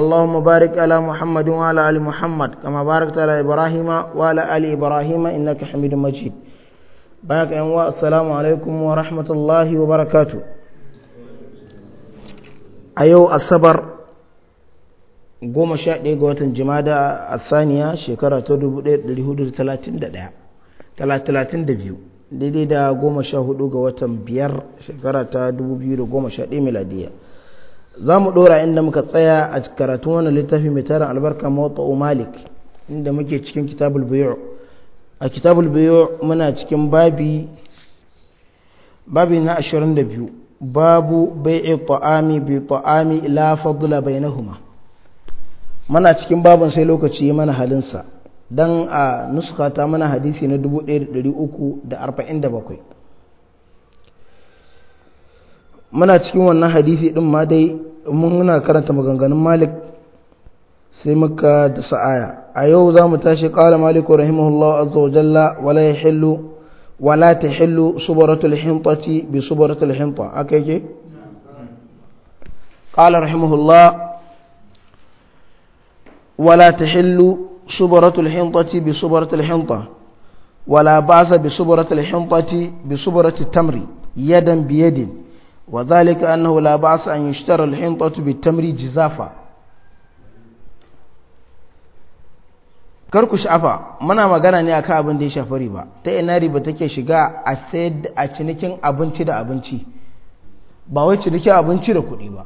اللهم بارك على محمد وعلى ال محمد كما باركت على ابراهيم وعلى ال ابراهيم انك حميد مجيد باك ان السلام عليكم ورحمه الله وبركاته ايو الصبر goma sha ɗaya ga watan jimada a saniya shekara ta dubu da talatin daidai da goma sha hudu ga watan biyar shekara ta 2011 biyu miladiyya za mu ɗora inda muka tsaya a karatun wannan littafi mai tara albarka mota malik inda muke cikin kitabul bayu a kitabul bayu muna cikin babi babi na 22 babu bai'i ta'ami bi ta'ami la fadla bainahuma muna cikin babin sai lokaci yi mana halinsa dan a nuska ta mana hadisi na 1347 muna cikin wannan hadisi din ma dai muna karanta maganganun malik sai muka da sa'aya a yau za mu tashi ƙala maliku rahimahullahu azza wa jalla wala ya hillu wala ta hillu subaratul hintati bi subaratul hinta aka yake ƙala rahimahullah wala ta hillu subaratul hintati bi subaratul hinta wala basa bi subaratul hintati bi subaratul tamri yadan biyadin وذلك أنه لا بأس أن يشترى الحنطة بالتمر جزافا karku sha'afa muna magana ne akan abin da ya shafi riba ta ina riba take shiga a sayar a cinikin abinci da abinci ba wai cinikin abinci da kuɗi ba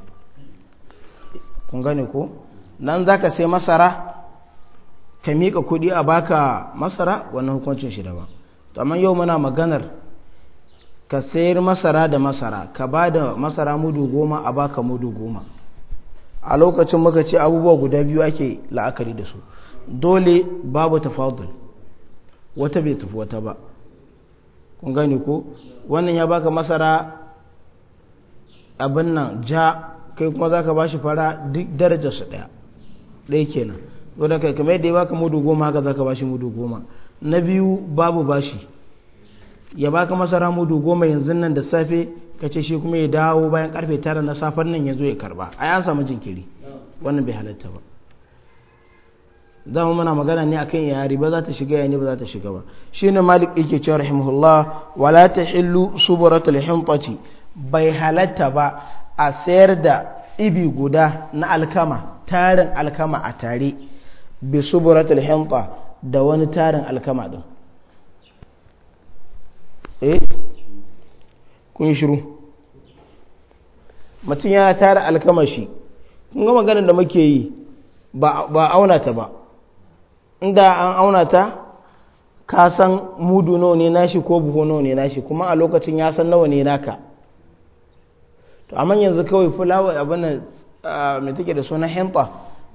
kun gane ko nan za ka sai masara ka miƙa kuɗi a baka masara wannan hukuncin shi ba to amma yau muna maganar ka sayar masara da masara ka ba da masara mudu goma a baka mudu goma a lokacin muka ce abubuwa guda biyu ake la'akari da su dole babu tafadul wata bai tafi wata ba kun gani ko wannan ya baka masara abin nan ja kai kuma za ka ba shi fara duk darajarsu ɗaya ɗaya kenan wadda kai kamar yadda ya baka mudu goma haka za ka ba shi mudu goma na biyu babu bashi ya baka masara mudu goma yanzu nan da safe ka ce shi kuma ya dawo bayan karfe tara na safen nan ya zo ya karba a ya samu jinkiri wannan bai halatta ba zamu muna magana ne akan ya riba za ta shiga ya ne ba za ta shiga ba shi ne malik yake cewa rahimahullah wala ta hillu suburatul himtati bai halatta ba a sayar da tsibi guda na alkama tarin alkama a tare bi suburatul himta da wani tarin alkama din Eh? kun shiru mutum ya tara alkamashi kun ga maganar da muke yi ba auna ta ba inda an auna ta ka san mudu nawa ne nashi ko buhu nawa ne nashi kuma a lokacin ya san nawa ne naka to amma yanzu kawai fulawa abin mai take da suna hempa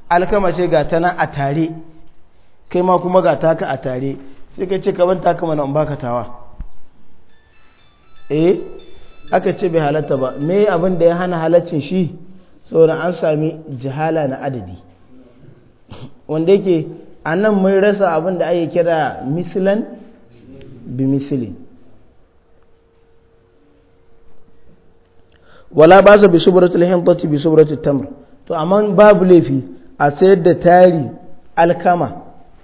alkama ce ga ta nan a tare kai ma kuma ga taka a tare sai ka ce ka ban taka mana in baka tawa eh aka ce bai halatta ba me abin da ya hana halaccin shi saboda an sami jihala na adadi wanda yake a nan mun rasa abin da ake kira misilan bi misilin wala ba su bi subratul hintati bi subratul tamr to amma babu laifi a sayar da tari alkama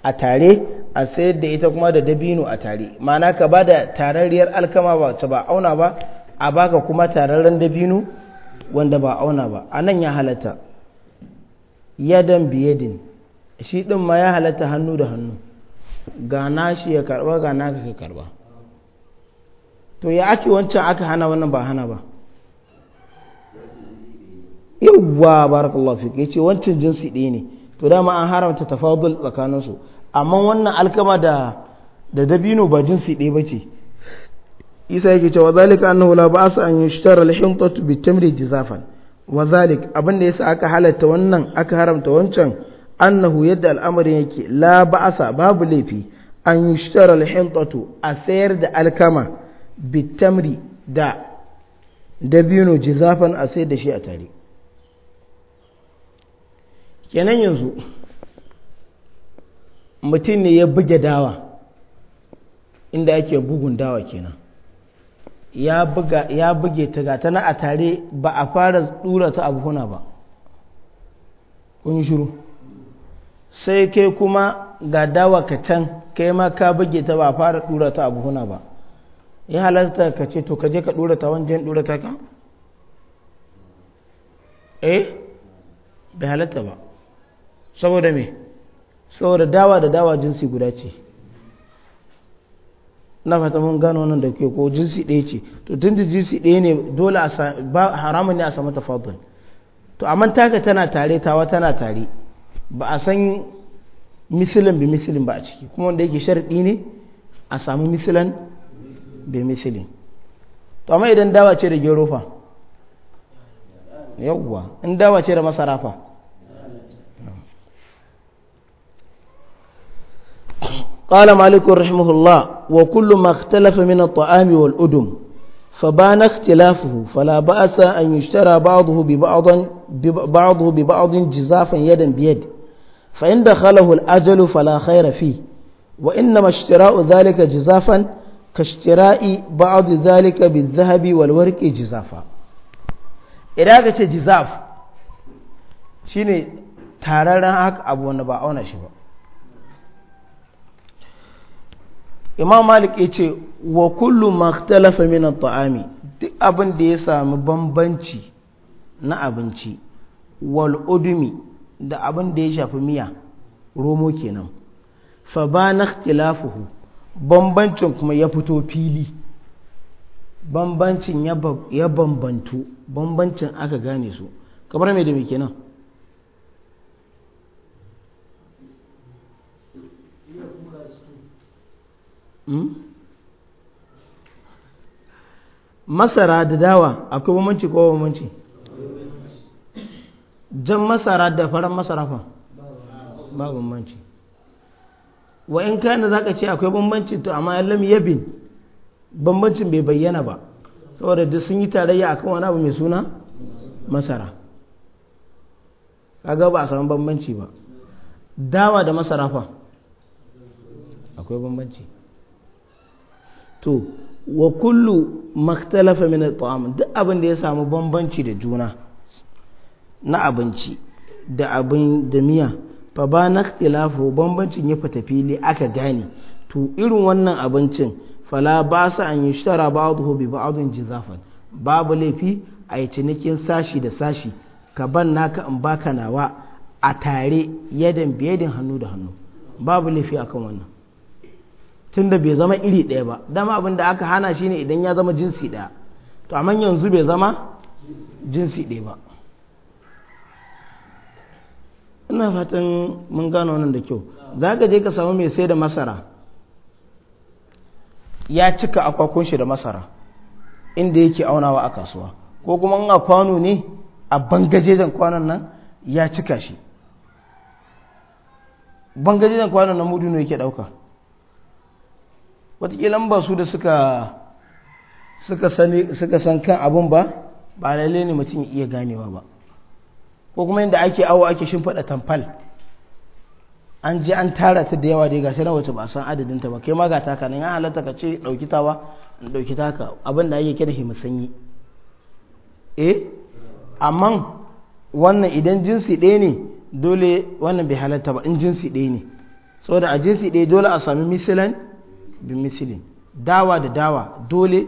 a tare a sayar da ita kuma da dabino a tare ma'ana ka ba da tararriyar alkama ba ta ba auna ba a baka kuma tararren dabino wanda ba auna ba a nan ya halatta yadan biyadin shi din ma ya halatta hannu da hannu gana shi ya karba gana ka karba to ya ake wancan aka hana wannan ba hana ba yawwa barakallahu fiki ce wancan jinsi ɗaya ne to dama an haramta tafadul tsakaninsu amma wannan alkama da dabino ba jinsi ɗaya ba ce isa yake cewa zalika annahu la ba'sa an yushtara al-hintatu bitamri jizafan wa zalik abin da yasa aka halatta wannan aka haramta wancan annahu yadda al'amarin yake la sa babu laifi an yushtara al-hintatu a sayar da alkama tamri da dabino jizafan a sai da shi a tare kenan yanzu mutum ne ya buge dawa inda ake bugun dawa kenan ya buge ta ga tana a tare ba a fara dura ta abuhuna ba kun shiru sai kai kuma ga dawa ka can kai ma ka buge ta ba a fara dura ta abuhuna ba ya halatta ka ce to kaje ka dura ta wajen dura ta ka eh bai halatta ba saboda me saboda dawa da dawa jinsi guda ce na fata mun gano nan da ke ko jinsi ɗaya ce to tun da jinsi ɗaya ne dole haramun ne a samu tafadul to amma taka tana tare tawa tana tare ba a san misilin bi misilin ba a ciki kuma wanda yake sharɗi ne a samu misilin bi misilin to amma idan dawa ce da gero fa yawwa in dawa ce da masara fa قال مالك رحمه الله وكل ما اختلف من الطعام والأدم فبان اختلافه فلا بأس أن يشترى بعضه ببعض بعضه ببعض جزافا يدا بيد فإن دخله الأجل فلا خير فيه وإنما اشتراء ذلك جزافا كاشتراء بعض ذلك بالذهب والورق جزافا إذا جزاف شيني تارارا هك أبو نبا أونا شبا imam malik ya ce wa kullu makhtalafa min at-ta'ami duk abin da ya sami bambanci na abinci wal udumi da abin da ya shafi miya romo kenan fa ba na ikhtilafuhu bambancin kuma ya fito fili bambancin ya bambantu bambancin aka gane su kamar mai da mai kenan Hmm? masara da dawa akwai bambanci ko bambanci jan masara da farar masara fa ba bambanci wa in za zaka ce akwai bambanci to amma ya yabin bambancin bai bayyana ba saboda duk sun yi tarayya akan wani abu mai suna masara kaga ba a samu bambanci ba dawa da masara fa akwai bambanci to wa kullu makhtalafa min at'am duk abin da ya samu bambanci da juna na abinci da abin da miya fa ba na ikhtilafu bambancin ya fita fili aka gane to irin wannan abincin fala ba sa an yi shara ba'dahu bi ba'din jizafan babu laifi a yi cinikin sashi da sashi ka ban naka in baka nawa a tare yadan biyadin hannu da hannu babu laifi akan wannan tunda bai zama iri ɗaya ba dama abin da aka hana shi ne idan ya zama jinsi ɗaya to amma yanzu bai zama jinsi ɗaya ba ina fatan mun gano wannan da kyau za ka je ka samu mai sai da masara ya cika akwakon shi da masara inda yake aunawa a kasuwa ko kuma in a kwano ne a bangajejen kwanon nan ya cika shi bangajejen kwanon nan mudu ne yake ɗauka wataƙila ba su da suka san kan abin ba ba lalle ne mutum ya iya ganewa ba ko kuma yadda ake awo ake shimfiɗa tamfal an je an tara ta da yawa dai gashi na wace ba san adadin ta ba kai ma ga taka nan ya halatta ka ce ɗauki tawa in ɗauki taka abin da ake kira himusanyi eh amma wannan idan jinsi ɗaya ne dole wannan bai halatta ba in jinsi ɗaya ne saboda a jinsi ɗaya dole a sami misalan bi misilin dawa da dawa dole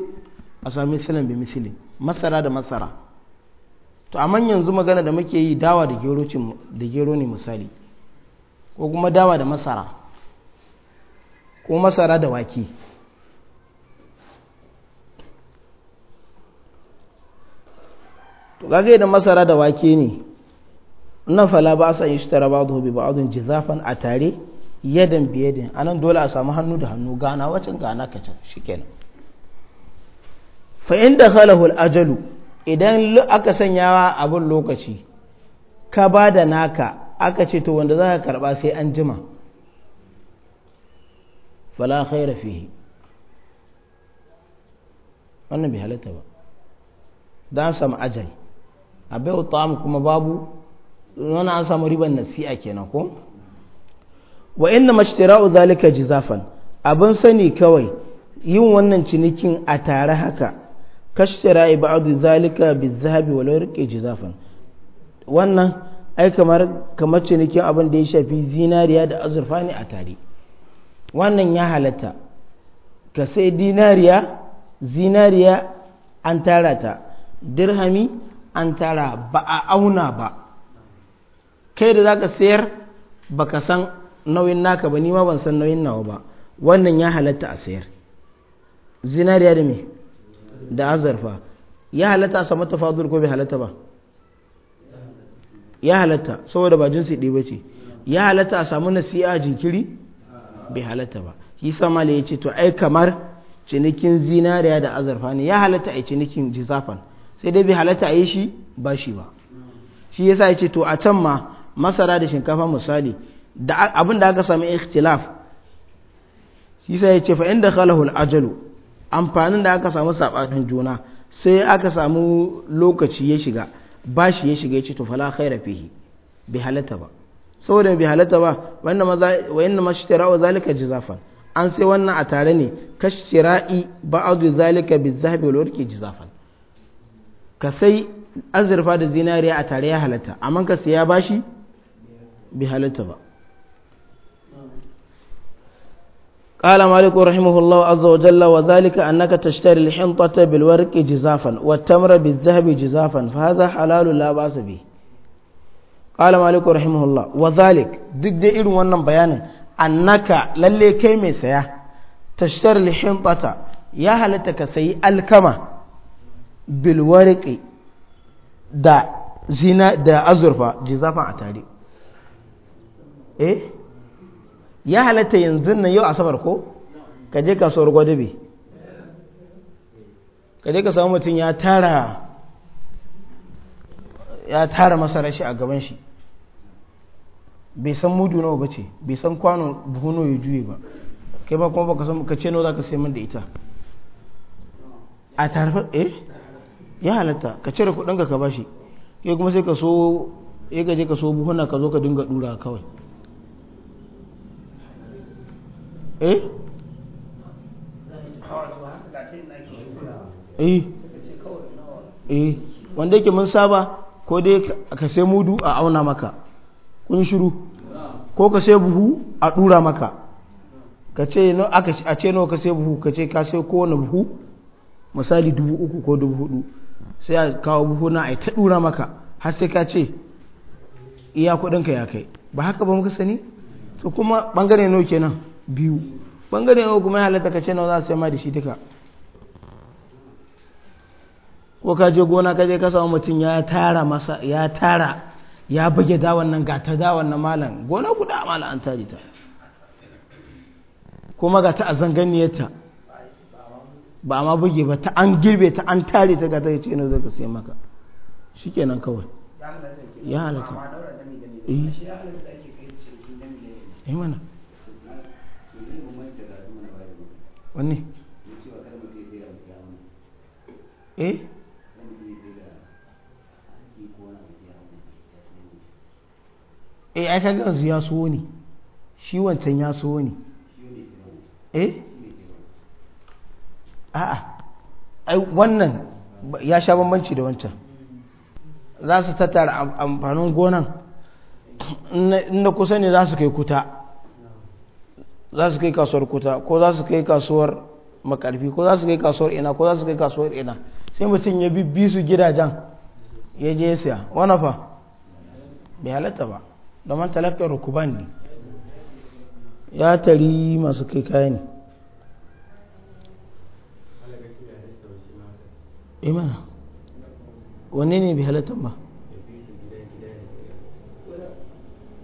a sami misilin bi misilin masara da masara to manyan yanzu magana da muke yi dawa da gero ne misali ko kuma dawa da masara ko masara da wake to gage da masara da wake ne nan fala ba sa yi shi tara ba ba ba'adun jizafan a tare yadan biyadin anan dole a samu hannu da hannu gana wacin gana ka can shikenan fa in da halahul ajalu idan aka sanyawa abin lokaci ka ba da naka aka ce to wanda za ka karba sai an jima fala khaira fihi wannan bai halatta ba don samu ajal a bai kuma babu wani an samu riban nasi'a kenan ko wa inna mashtira'u zalika jizafan abin sani kawai yin wannan cinikin a tare haka kashtira'i ba'd zalika bizahabi wa lawrqi jizafan wannan ai kamar kamar cinikin abin da ya shafi zinariya da azurfa ne a tare wannan ya halatta ka sai dinariya zinariya an tara ta dirhami an tara ba a auna ba kai da zaka sayar baka san nauyin naka ba ni ma ban san nauyin nawa ba wannan ya halatta a sayar zinariya da me da azurfa ya halatta a samu tafadul ko bai halatta ba ya halatta saboda ba jinsi ɗaya ce ya halatta a samu nasi'a jinkiri bai halatta ba shi sama ya ce to ai kamar cinikin zinariya da azurfa ne ya halatta a cinikin jizafan sai dai bai halatta a yi shi ba shi ba shi yasa ya ce to a can ma masara da shinkafa misali da abin da aka sami ikhtilaf shi sai ya ce fa inda khalahul ajalu amfanin da aka samu sabanin juna sai aka samu lokaci ya shiga bashi ya shiga ya ce to fala khaira fihi bi halatta ba saboda bi halatta ba wannan maza wa inna mashtira wa zalika jizafan an sai wannan a tare ne kashira'i ba'adu zalika bi zahabi wal warqi jizafan ka sai azurfa da zinariya a tare ya halatta amma ka sai ya bashi bi halatta ba قال مالك رحمه الله عز وجل وذلك أنك تشتري الحنطة بالورق جزافا والتمر بالذهب جزافا فهذا حلال لا بأس به قال مالك رحمه الله وذلك ضد إن ونن بيان أنك للي كيمي سيا تشتري الحنطة يا هلتك سي الكما بالورق دا زنا دا أزرفا جزافا أتاري إيه ya halatta yanzu nan yau asabar ko ka je kasuwar gwadabe ka je ka samu mutum ya tara ya tara masarar shi a gaban shi bai san mudu nawa ba ce bai san kwano buhuno ya juye ba kai ba kuma baka san ka ce no za ka sai min da ita a tarfa eh ya halatta ka cire kudin ka ka bashi kai kuma sai ka so ya gaje ka so buhuna ka zo ka dinga dura kawai e wanda yake mun saba ko dai ka sai mudu a auna maka kun shiru ko ka sai buhu a dura maka ka ce no aka a ce no ka sai buhu ka ce ka sai kowane buhu misali dubu uku ko dubu hudu sai a kawo buhu na ai ta dura maka har sai ka ce iya kudin ka ya kai ba haka ba muka sani to kuma bangare nawa kenan biyu bangare yau kuma ya halatta ka ce na za su da shi duka ko ka je gona ka je ka samu mutum ya tara masa ya tara ya buge da nan ga ta dawan malam gona guda malam an tari ta kuma ga ta a zanganiyarta ba ma buge ba ta an girbe ta an tare ta ga ta ce ne zai ka sai maka shikenan kawai ya halatta ya eh. Eh mana wanne eh eh ai kaga yanzu ya so ne shi wancan ya so ne eh a'a ai wannan ya sha bambanci da wancan za su tattara amfanin gonan inda kusa ne za su kai kuta za su kai kasuwar kuta ko za su kai kasuwar makarfi ko za su kai kasuwar ina ko za su kai kasuwar ina sai mutum ya bi su gidajen ya je siya wani fa bai halatta ba domin talakar rukuban ne ya tari masu kai kayan ne imana eh wani ne bai halatta ba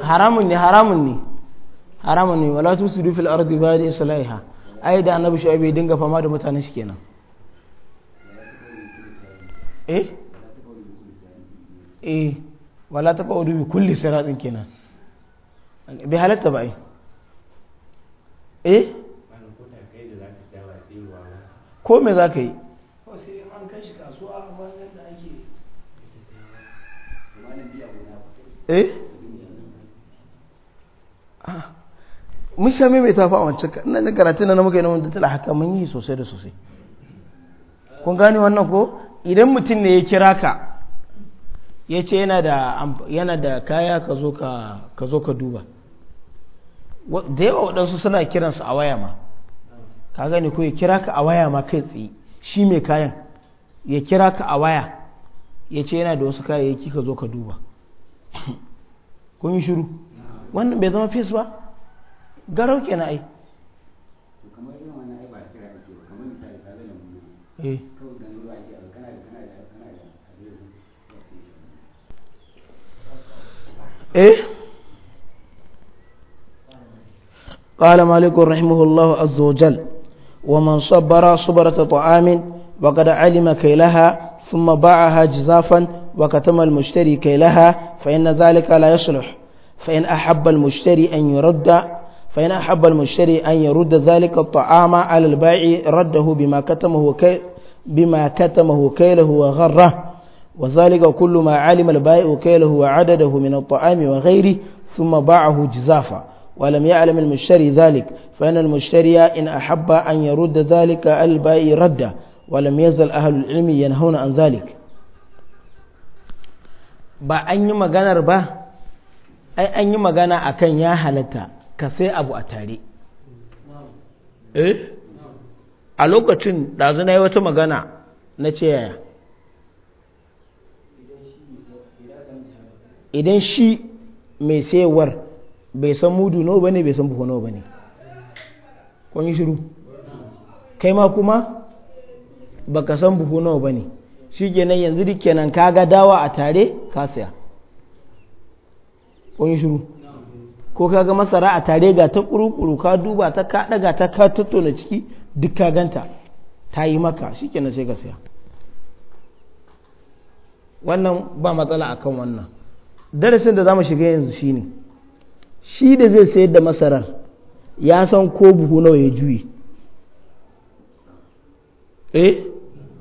haramun ne haramun ne haramun ne wala tusiru fil ardi ba'da islahiha ai da annabi shu'aib ya dinga fama da mutanen shi kenan eh eh wala taqawdu bi kulli siratin kenan bi halatta ba ai eh ko me zaka yi ko sai an kai shi kasuwa amma eh ah. mun sha mai tafi a wancan ina da karatun na muka yi na wanda tala haka mun yi sosai da sosai kun gane wannan ko idan mutum ne ya kira ka ya ce yana da kaya ka zo ka duba da yawa waɗansu suna kiransu a waya ma ka gane ko ya kira ka a waya ma kai tsaye shi mai kayan ya kira ka a waya ya ce yana da wasu kayayyaki ka zo ka duba kun shuru wannan bai zama fes ba garau ke na ai eh ƙala eh? malikun rahimahullahu azojal wa man sabbara su bara ta ta'amin ba ga da alima kai laha sun ma ba a hajji zafan وكتم المشتري كيلها فإن ذلك لا يصلح فإن أحب المشتري أن يرد فإن أحب المشتري أن يرد ذلك الطعام على البائع رده بما كتمه كيل بما كتمه كيله وغره وذلك كل ما علم البائع كيله وعدده من الطعام وغيره ثم باعه جزافا ولم يعلم المشتري ذلك فإن المشتري إن أحب أن يرد ذلك البائع رده ولم يزل أهل العلم ينهون عن ذلك ba an yi maganar ba ai an yi magana akan ya halatta ka sai abu a tare eh a lokacin ɗazu na yi wata magana na ce yaya idan shi mai sayewar bai san mudu nawa bane bai san buhu nawa bane kun yi shiru kai ma kuma baka san buhu nawa bane shi kenan yanzu duk kenan ka ga dawa a tare ka saya kun shiru ko kaga masara a tare ga ta kurukuru ka duba ta ka daga ta ka tattona ciki duk ka ganta ta yi maka shi kenan sai ka saya wannan ba matsala a kan wannan darasin da za mu shiga yanzu shine shi da zai sayar da masarar ya san ko buhu nawa ya juyi eh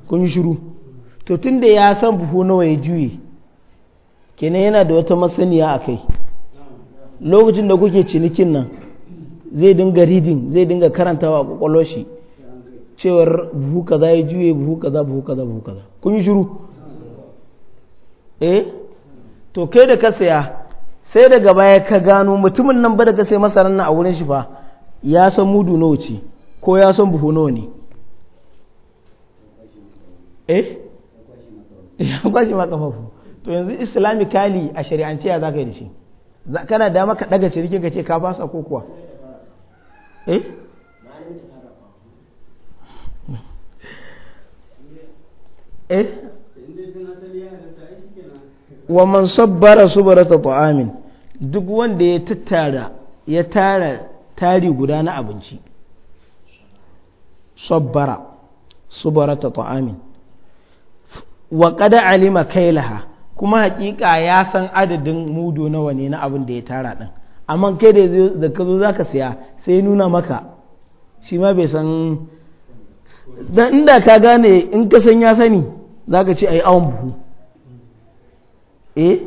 kun yi shiru to tun da ya san buhu nawa ya juye kenan yana da wata masaniya a kai lokacin da kuke cinikin nan zai dinga reading zai dinga karantawa a kwakwalwar shi cewar buhu kaza ya juye buhu kaza buhu kaza buhu kaza kun yi shiru eh to kai da ka saya sai daga baya ka gano mutumin nan ba da ka sai masarar nan a wurin shi fa ya san mudu nawa ce ko ya san buhu nawa ne eh ba shi ma kafafu to yanzu islami kali a shari'ance ya zaka yi da shi kana da maka daga shirkin ka ce ka fasa ko kuwa eh eh wa man sabbara subrata ta'amin duk wanda ya tattara ya tara tari guda na abinci sabbara subrata ta'amin wa kada alima kailaha kuma hakika ya san adadin mudu nawa ne na abin da ya tara din amma kai da ka zo zaka siya sai nuna maka shi ma bai san da inda ka gane in ka san ya sani zaka ce ai awon buhu eh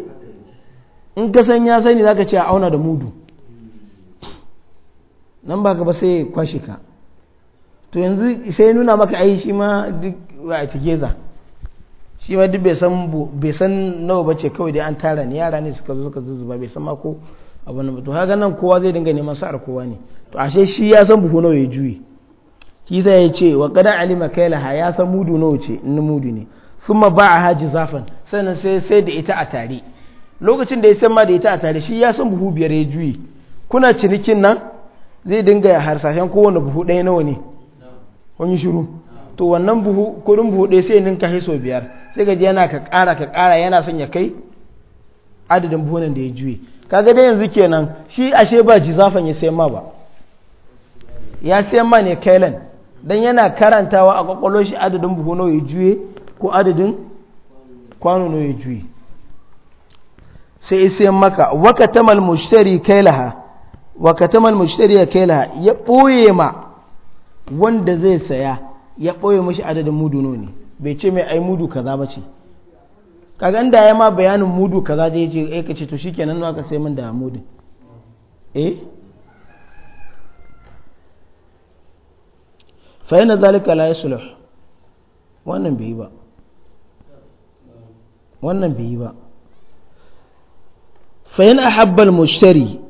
in ka san ya sani zaka ce a auna da mudu nan ba ka ba sai kwashe ka to yanzu sai nuna maka ai shi ma duk a tigeza shi ma duk bai san nawa bace kawai dai an tara ni yara ne suka zo suka zuzuba bai san ma ko abin da to haka nan kowa zai dinga neman sa'ar kowa ne to ashe shi ya san buhu nawa ya juyi shi zai ya ce wa kada alima ha ya san mudu nawa ce in mudu ne kuma a haji zafan sannan sai sai da ita a tare lokacin da ya san ma da ita a tare shi ya san buhu biyar ya juyi kuna cinikin nan zai dinga harsashen kowane buhu ɗaya nawa ne kun yi shiru to wannan buhu kudin buhu ɗaya sai ninka hiso biyar sai ga yana ka kara ka ƙara yana son ya kai adadin buhunan da ya juye kaga dai yanzu kenan shi ashe ba jizafan ya sayan ma ba ya sayan ma ne kailan dan yana karantawa a kwakwalo shi adadin buhu nawa ya juye ko adadin kwano nawa ya juye sai sayan maka wakatamal mushtari kailaha wakatamal mushtari ya kailaha ya ɓoye ma wanda zai saya ya ɓoye mashi adadin mudu ne bai ce mai ai mudu kaza ba ce kaga inda ya ma bayanin mudu kaza je je eh kace to shikenan nan aka sai min da mudu eh fa yana zalika la yusluh wannan bai yi ba wannan bai yi ba fa yana habbal mushtari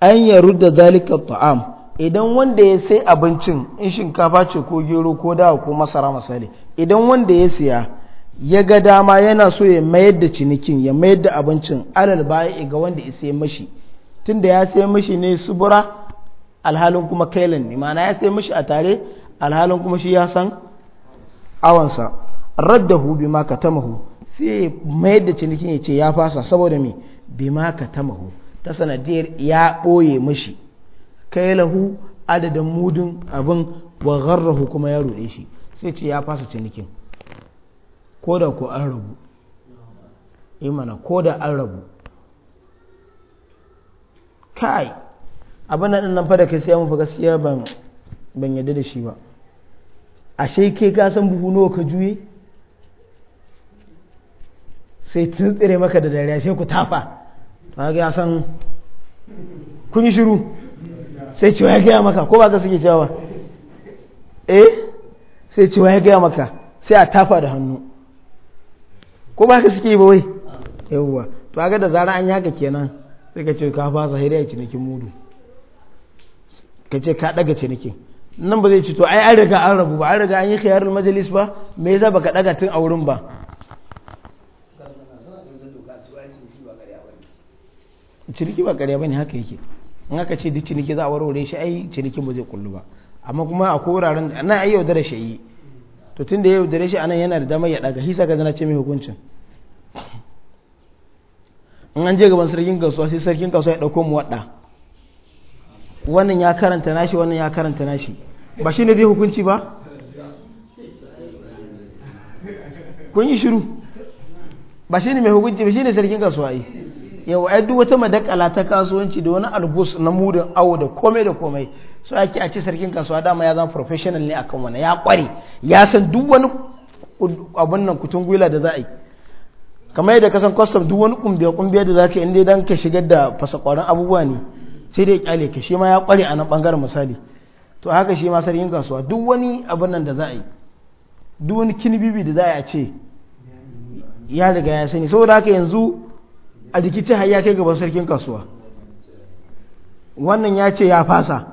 an yarudda zalika taam idan wanda ya sai abincin in shinkafa ce ko gero ko dawa ko masara misali idan wanda ya siya ya ga dama yana so ya mayar da cinikin ya mayar da abincin alal baya ga wanda ya sai mashi tunda ya sai mashi ne subura alhalin kuma kailan ne ma'ana ya sai mashi a tare alhalin kuma shi ya san awansa raddahu bima katamahu sai ya mayar da cinikin ya ce ya fasa saboda me bima katamahu ta sanadiyar ya ɓoye mashi kai lahu adadin mudun abin wa gharrahu kuma ya ruɗe shi sai ce ya fasa cinikin ko da ku an rabu imana eh ko da an rabu kai abin nan nan fa da kai sai ya fa gaskiya ban ban yadda da shi ba a ke ka san buhu nawa ka juye sai tun maka da dariya sai ku tafa ta ga san kun yi shiru sai cewa ya gaya maka ko ba ka suke cewa ba eh sai cewa ya gaya maka sai a tafa da hannu ko ba ka suke ba wai yawwa to ga da zara an yi haka kenan sai ka ce ka fasa hira ya cinikin mudu ka ce ka daga cinikin nan ba zai ci to ai an riga an rabu ba an riga an yi khiyarul majalis ba me yasa baka daga tun a wurin ba ciniki ba ƙarya bane haka yake in aka ce duk ciniki za a warware shi ai cinikin ba zai kullu ba amma kuma a wuraren nan ai yaudare shi yi to tun da ya yaudare shi anan yana da damar ya daga hisa ga zana ce mai hukuncin in an je gaban sarkin kasuwa sai sarkin kasuwa ya dauko mu wadda wannan ya karanta nashi wannan ya karanta nashi ba shi ne dai hukunci ba kun yi shiru ba shi ne mai hukunci ba shi ne sarkin kasuwa yi yau ai duk wata madakala ta kasuwanci da wani albus na mudin awo da komai da komai so ake a ce sarkin kasuwa dama ya zama professional ne akan wani ya kware ya san duk wani abun nan kutun gwila da za a yi kamar yadda kasan custom duk wani kumbiya kumbiya da zaka inda dan ka shigar da fasakwarin abubuwa ne sai dai kyale ka shi ma ya kware a nan bangaren misali to haka shi ma sarkin kasuwa duk wani abun nan da za a yi duk wani kinibibi da za a ce ya riga ya sani saboda haka yanzu a rikici har ya kai gaban sarkin kasuwa wannan ya ce ya fasa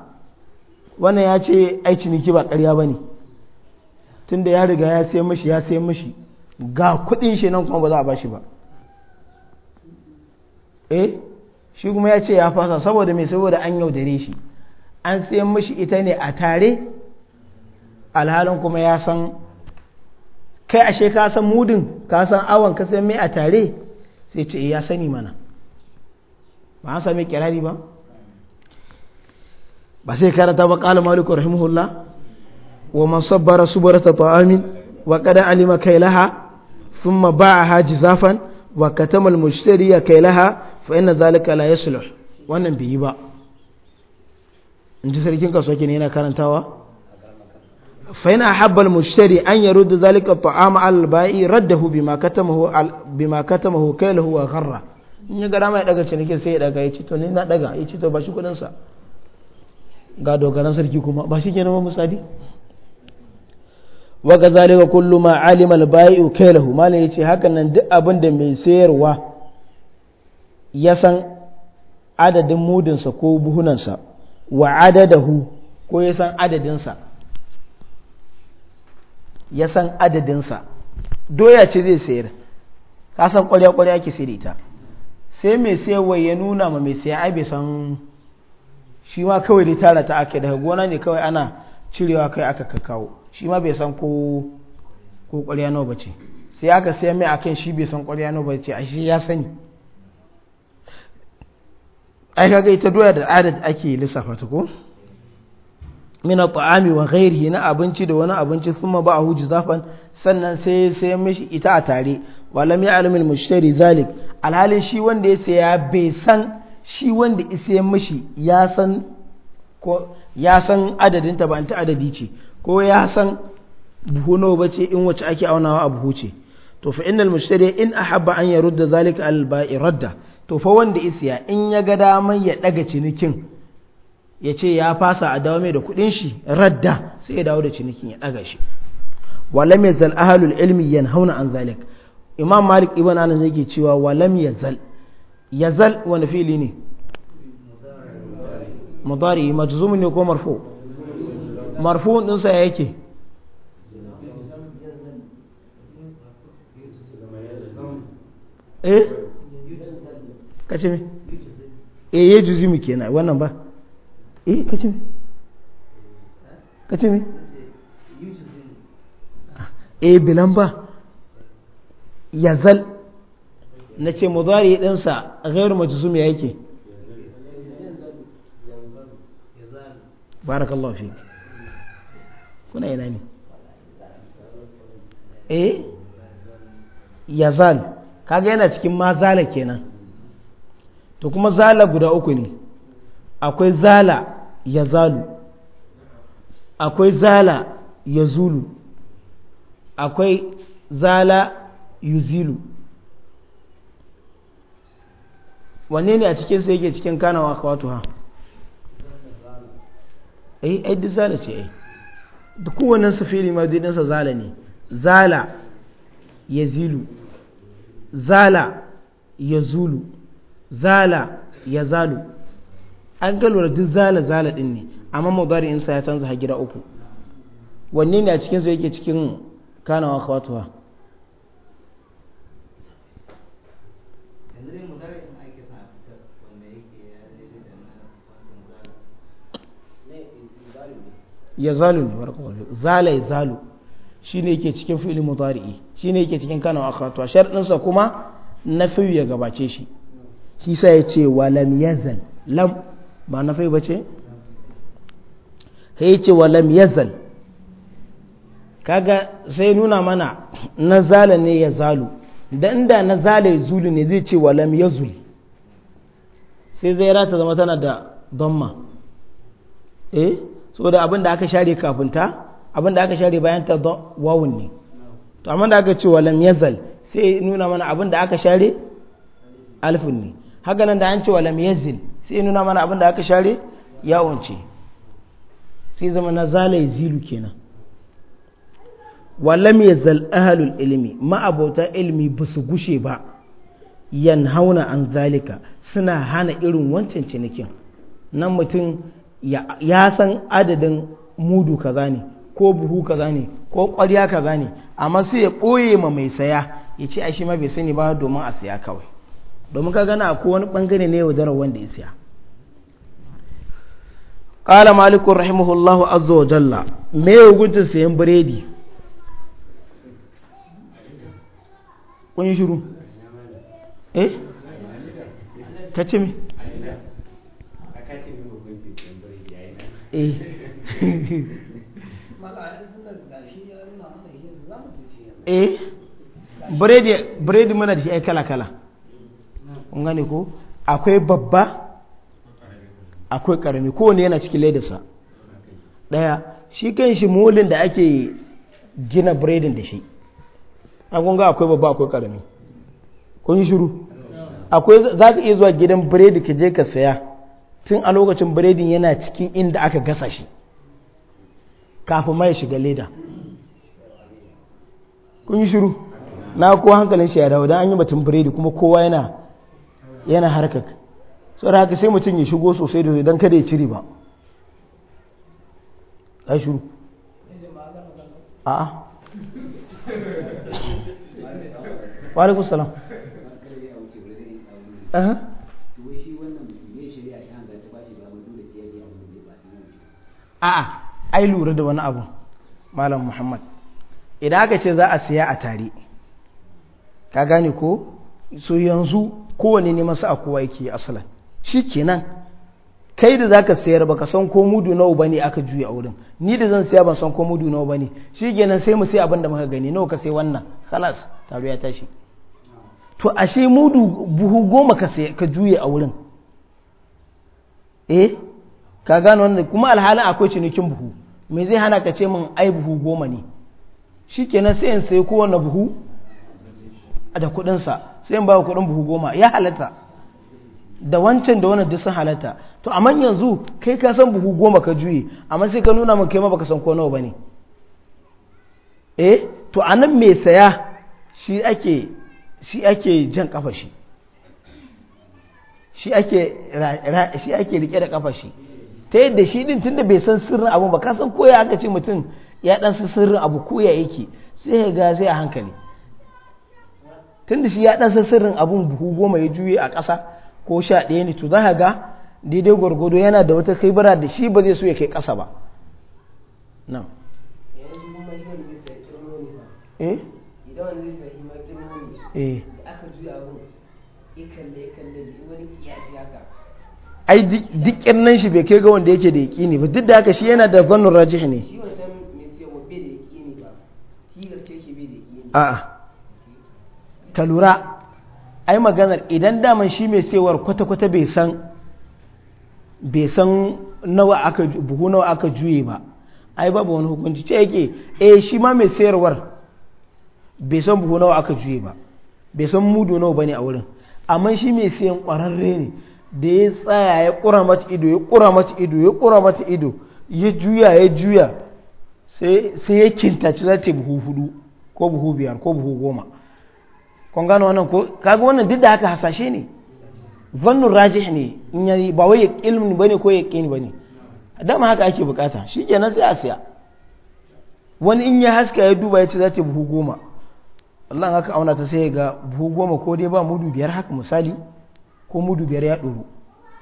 wannan ya ce ai ciniki ba karya ba ne da ya riga ya sai mashi ya sai mashi ga kuɗin shi nan kuma ba za a ba shi ba eh shi kuma ya ce ya fasa saboda mai saboda an yaudare shi an sai mashi ita ne a tare alhalin kuma ya san kai ashe ka san mudin ka san awon ka sai mai a tare sai ce eh, ya sani mana ba an sami kirari ba ba sai karanta ba kala maliku rahimahullah wa man sabbara ta ta'amin wa kada alima ba thumma haji zafan wa katama ya kai kailaha fa inna zalika la yasluh wannan bai yi ba in ji sarkin kasuwa ne yana karantawa فإن أحب المشتري أن يرد ذلك الطعام على البائع رده بما كتمه بما كتمه كيله وغره in ya gara mai daga ciniki sai ya daga ya ci to ne na daga ya ci to ba shi kudin sa ga dogaran sarki kuma ba shi kenan ba musadi wa ga zalika kullu ma alima al bai'u kailahu malan yace hakan nan duk abin da mai sayarwa ya san adadin mudinsa ko buhunansa wa adadahu ko ya san adadinsa ya san adadinsa doya ce zai sayar ka san kwarya-kwarya ake sayar ita sai mai sayarwa ya nuna ma mai sayar ai bai san shi ma kawai da tara ta ake daga gona ne kawai ana cirewa kai aka kakawo shi ma bai san ko ko kwarya nawa bace sai aka sayar mai akan shi bai san kwarya nawa bace a shi ya sani ai kaga ita doya da adad ake lissafa ta ko mina ta'ami wa ghairihi na abinci da wani abinci thumma ba'ahu jizafan sannan sai sai mishi ita a tare wa lam ya'lam al-mushtari zalik alhalin shi wanda ya saya bai san shi wanda ya saya mishi ya san ko ya san adadin ta ba ta adadi ce ko ya san buhu nawa ce in wace ake aunawa a buhu ce to fa innal mushtari in ahabba an yarudda zalika al ba'i radda to fa wanda ya saya in ya ga daman ya daga cinikin ya ce ya fasa a dawo mai da kudin shi radda sai ya dawo da cinikin ya daga shi walam yazal ahlul ilmi yanhauna an zalik imam malik ibn anas yake cewa walam yazal yazal wani fili ne mudari majzum ne ko marfu marfu din sa yake eh kace me eh yajuzimu kenan wannan ba eh ka ce ka ce me eh bilan ba ya zal na ce mudari ɗinsa gairu majzum ya yake barakallahu fi kuna ina ne eh ya zal kaga yana cikin ma zala kenan to kuma zala guda uku ne akwai zala ya zalu akwai zala ya zulu akwai zala yuzilu wanne ne a cikin su yake cikin kanawa kawatu ha eh, ai ai zala ce ai eh. duk kowannen su fili ma dinsa zala ne zala ya zilu zala ya zulu zala ya zalu an ga lura duk zala zala din ne amma mudari'in sa ya canza ha gida uku wanne ne a cikin su yake cikin kanawa khawatuha ya zalu ne warkawar zala ya zalu shi ne yake cikin fi'il mutari'i shi ne yake cikin kanawa akwatuwa sharɗinsa kuma na fiye ya gabace shi shi sa ya ce walam yazal lam ba na fai bace sai ce walam yazal kaga sai nuna mana na zala ne ya zalu da inda na zala ya zulu ne zai ce walam yazul sai zai rata zama tana da donma eh saboda abin da aka share kafin ta abin da aka share bayan ta wawun ne to amma da aka ce walam yazal sai nuna mana abin da aka share alfin ne haka nan da an ce walam yazil sai nuna mana abin aka share ya wance sai zama na zalai zilu kenan walam ya zal'ahalul ahalul ilimi ma'abota ilimi ba su gushe ba yan hauna an zalika suna hana irin wancan cinikin nan mutum ya san adadin mudu kaza ne ko buhu kaza ne ko ƙwarya kaza ne amma sai ya ɓoye ma mai saya ya ce a shi ma bai sani ba domin a saya kawai domin ka gana ko wani bangare ne ya yaudarar wanda ya siya ƙala malikun rahimahullahu azza wa jalla me hukuncin sayan biredi kun shiru eh ce eh. eh biredi mana da shi ai kala-kala ko akwai babba akwai karami kowane yana cikin laidarsa ɗaya shi kan shi molin da ake gina biredin da shi an kunga akwai babba akwai karami kun yi shiru akwai za ka iya zuwa gidan biredi ka je ka saya tun a lokacin biredin yana cikin inda aka gasa shi kafin ma ya shiga leda kun yi shiru na kowa hankalin shi ya dawo don an yi batun biredi kuma kowa yana yana harkar saboda haka sai mutum ya shigo sosai da don kada ya cire ba ai shuru a'a salam a ai lura da wani abu malam muhammad idan aka ce za a siya a tare ka gane ko so yanzu kowane ne masu a kowa yake asalin. shi kenan kai da zaka sayar baka san ko mudu nawa bane aka juya a wurin ni da zan saya ban san ko mudu nawa bane shi kenan sai mu sai abin da muka gani nawa ka sai wannan khalas taro ya tashi to ashe mudu buhu goma ka sai ka juya a wurin eh ka gano wannan kuma alhalin akwai cinikin buhu me zai hana ka ce min ai buhu goma ne shikenan sai in sai kowane buhu da kudinsa sai in ba kudin buhu goma ya halatta da wancan da wannan duk sun halatta to amma yanzu kai ka san buhu goma ka juye amma sai ka nuna min kai ma baka san ko nawa bane eh to anan mai saya shi ake shi ake jan kafa shi shi ake shi ake rike da kafa shi ta yadda shi din tunda bai san sirrin abu ba ka san koya aka ce mutum ya dan san sirrin abu koya yake sai ya ga sai a hankali tunda shi ya dan san sirrin abun buhu goma ya juye a ƙasa ko sha ɗaya ne to za ka ga daidai gwargwado yana da wata kaibara da shi ba zai so ya kai ƙasa ba na eh? eh. ai duk nan shi bai kai ga wanda yake da ne ba duk da haka shi yana da zannun rajih ne a ka lura ai maganar idan daman shi mai saiwar kwata-kwata bai san nawa aka buhu nawa aka juye ba ai babu wani hukunci ce yake eh shi ma mai sayarwar bai san buhu nawa aka juye ba bai san mudu nawa bane a wurin amma shi mai sayan kwararre ne da ya tsaya ya kura mata ido ya kura mata ido ya kura mata ido ya juya ya juya sai ya kintaci za ta buhu hudu ko buhu biyar ko buhu goma kun gano wannan ko kaga wannan duk da haka hasashe ne zannun rajih ne in yi ba wai ilmin bane ko yaqin bane dama haka ake bukata shikenan sai a siya wani in ya haska ya duba ya ce za ta buhu goma Allah haka auna ta sai ga buhu goma ko dai ba mudu biyar haka misali ko mudu biyar ya duru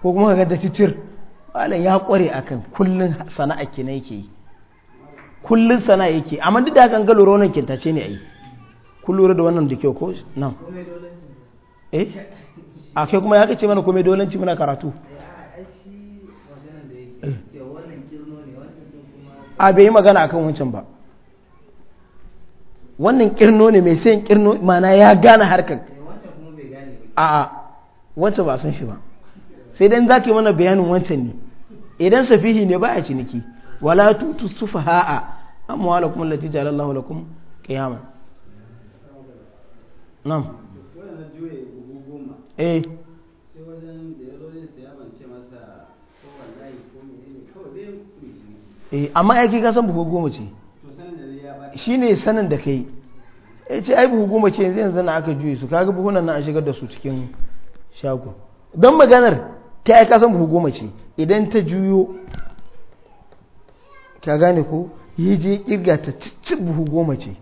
ko kuma ga da titir malam ya kware akan kullun sana'a kenan yake yi kullun sana'a yake amma duk da hakan ga loro kintace ne a kun lura da wannan da kyau ko nan eh a kai kuma ya kace mana kome dolanci muna karatu eh. a bai yi magana akan wancan ba wannan kirno ne mai sayan kirno mana ya gane harkar a a wancan ba san shi ba sai dan zaki mana bayanin wancan ne idan safihi ne ba a ciniki wala tutu sufaha'a amma wala kuma ja'ala Allahu lakum qiyaman nan eh. eh amma aiki kika san buhu goma ce shi ne sanin da kai ya eh, ce ai buhu goma ce yanzu yanzu na aka juye su kaga buhunan na an shigar da su cikin shago don maganar ta ai kasan buhu goma ce idan ta juyo ka gane ko yi je kirga ta cicci buhu goma ce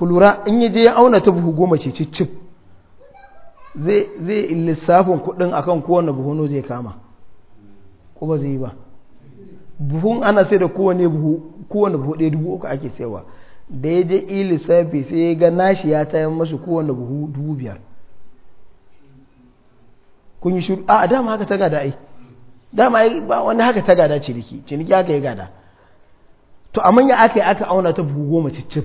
Kulura in yi je ya auna ta buhu goma ce cicif zai lissafin kudin akan kowane no zai kama ko ba zai yi ba buhun ana sai da kowane buhu kowane buhu ɗaya dubu uku ake saiwa da ya je yi lissafi sai ya ga nashi ya tayar masu kowane buhu dubu biyar kun yi shuru a dama haka ta gada ai dama ba wani haka ta gada ciniki ciniki haka ya gada to amma ya aka yi aka auna ta buhu goma cicif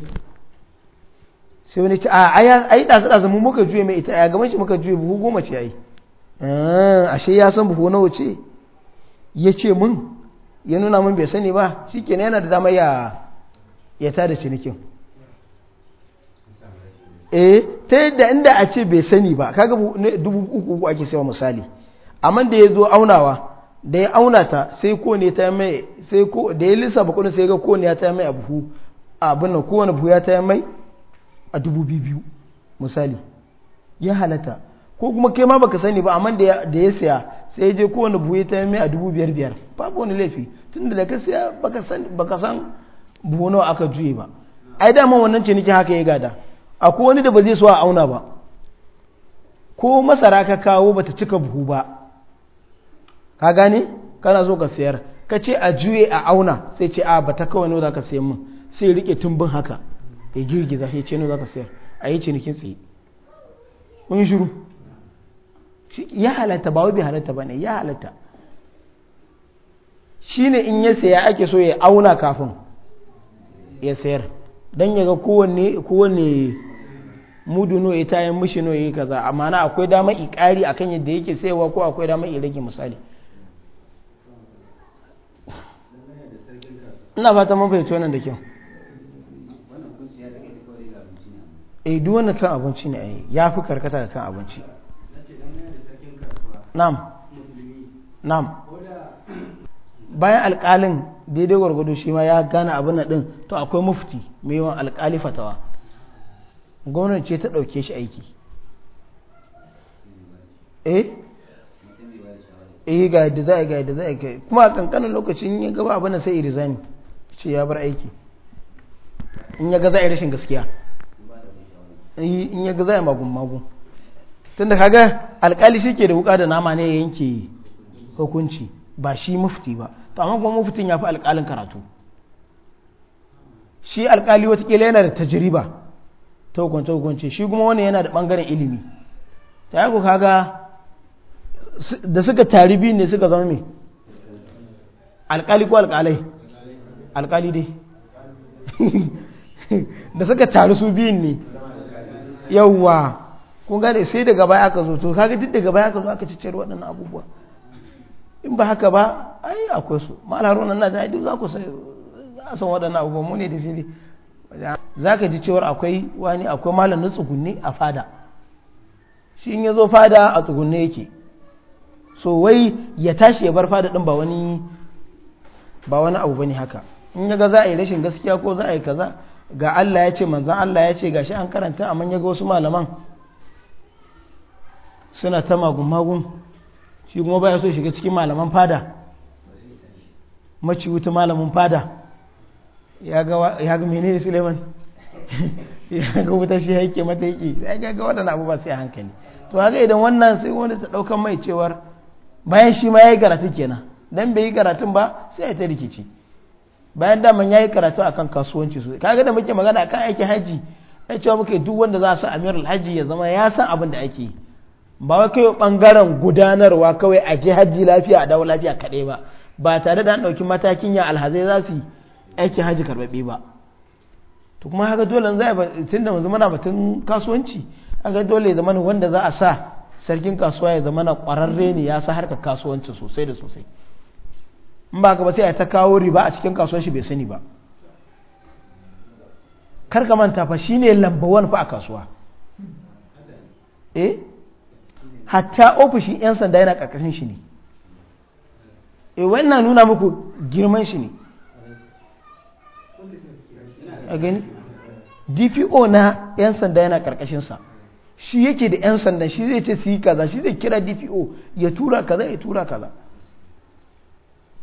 sai wani ci a ai ɗazu ɗazu mu muka juye mai ita a gaban shi muka juye buhu goma ce ya yi ah, ashe ya san buhu nawa ce ya ce mun ya nuna mun bai sani ba shi kenan yana da dama ya ya tada cinikin eh ta yadda inda a ce bai sani ba kaga dubu uku uku ake sayawa misali amma da ya zo aunawa da ya auna ta sai ko ne ta mai sai ko da ya lissafa kudin sai ga ko ne ya ta mai abu abin nan kowane buhu ya ta mai a dubu biyu misali ya halatta ko kuma kai ma baka sani ba amma da ya saya sai je kowane buhu ta mai a dubu biyar biyar babu wani laifi tunda da ka saya baka san buhu nawa aka juye ba ai dama wannan ciniki haka ya gada akwai wani da ba zai so a auna ba ko masara ka kawo bata cika buhu ba ka gane kana so ka sayar ka ce a juye a auna sai ce a bata kawai nawa za ka sayan min sai rike tumbin haka ya girgiza ya ce za ka sayar a yi cinikin tsaye kun shiru ya halatta ba wabi bai halatta ba ne ya halatta shine in ya saya ake so ya auna kafin ya sayar don ya ga kowane mudu no ya tayin mushi no ya kaza amma na akwai dama ikari akan yadda yake sayarwa ko akwai dama irage rage misali ina fata mun fahimci wannan da kyau eh duk wannan kan abinci ne ai eh, ya fi karkata da kan abinci na'am na'am bayan alƙalin daidai gwargwado shi ma ya gane abin din to akwai mufti mai yawan alƙali fatawa gwamnati ce ta ɗauke shi aiki eh eh ga yadda za a ga yadda za a kai kuma a kankanin lokacin ya gaba abin da sai irizani ce ya bar aiki in ya ga za a yi rashin gaskiya in ya ga zai magun magun tun da kaga alkali shi ke da wuka da nama ne yanke hukunci ba shi mufti ba to amma kuma muftin ya fi alkalin karatu shi alkali watakila yana da tajiriba ta hukunce hukunce shi kuma wani yana da bangaren ilimi ta yaku kaga da suka tari biyu ne suka zama mai alkali ko alkalai alkali dai da suka taru su biyun ne yawwa kun gane sai daga baya aka zo to kaga duk daga baya aka zo aka cicciyar waɗannan abubuwa in ba haka ba ai akwai su malaru nan na jai duk za ku san waɗannan abubuwa mu ne da sai za ka ji cewar akwai wani akwai na tsugunne a fada shi in ya zo fada a tsugunne yake so wai ya tashi ya bar fada din ba wani ba wani abu bane haka in ya ga za a yi rashin gaskiya ko za a yi kaza ga Allah ya ce manzan Allah ya ce gashi an karanta a manya ga wasu malaman suna ta magun-magun shi kuma baya so shiga cikin malaman fada maci wuta malamin fada ya ga mene suleiman ya ga wuta shi haike mata yake ya ga waɗanda abubuwa sai hankali to haka idan wannan sai wanda ta ɗaukan mai cewar bayan shi ma ya yi karatu kenan don bai yi karatun ba sai ya ta rikici bayan da ya yayi karatu akan kasuwanci su kaga da muke magana akan aikin haji ai cewa muke duk wanda za su amirul haji ya zama ya san abin da ake yi ba wai kai bangaren gudanarwa kawai a je haji lafiya a dawo lafiya kadai ba ba tare da an dauki matakin ya alhazai za su haji karɓaɓɓe ba to kuma haka dole za a tun da zama na batun kasuwanci haka dole ya zama wanda za a sa sarkin kasuwa ya zamana kwararre ne ya sa harkar kasuwanci sosai da sosai in ba ka ba sai a ta kawo riba a cikin kasuwar shi bai sani ba kar ka manta fa shi lamba wani fa a kasuwa eh hatta ofishin 'yan sanda yana karkashin shi ne eh wannan nuna muku girman shi ne a gani dpo na 'yan sanda yana karkashin sa shi yake da 'yan sanda shi zai ce su yi kaza shi zai kira dpo ya tura kaza ya tura kaza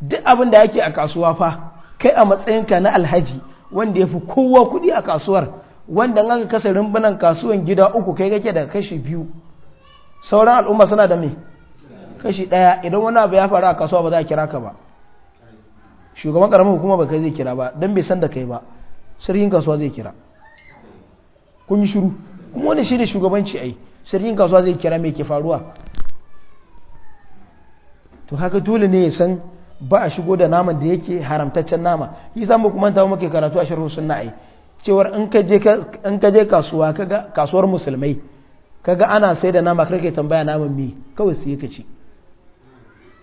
duk abin da yake a kasuwa fa kai a matsayinka na alhaji wanda ya fi kowa kuɗi a kasuwar wanda ka kasa rumbunan kasuwan gida uku kai kake daga kashi biyu sauran al'umma suna da me kashi ɗaya idan wani abu ya faru a kasuwa ba za a kira ka ba shugaban karamin hukuma ba kai zai kira ba don bai san da kai ba sirrin kasuwa zai kira kun yi shiru kuma wani shi ne shugabanci ai sirrin kasuwa zai kira mai ke faruwa to haka dole ne ya san ba a shigo da naman da yake haramtaccen nama yi za mu kuma ta muke karatu a sharhu sunna ai cewar in ka je kasuwa kaga kasuwar musulmai kaga ana sai da nama kake tambaya naman me kawai sai ka ci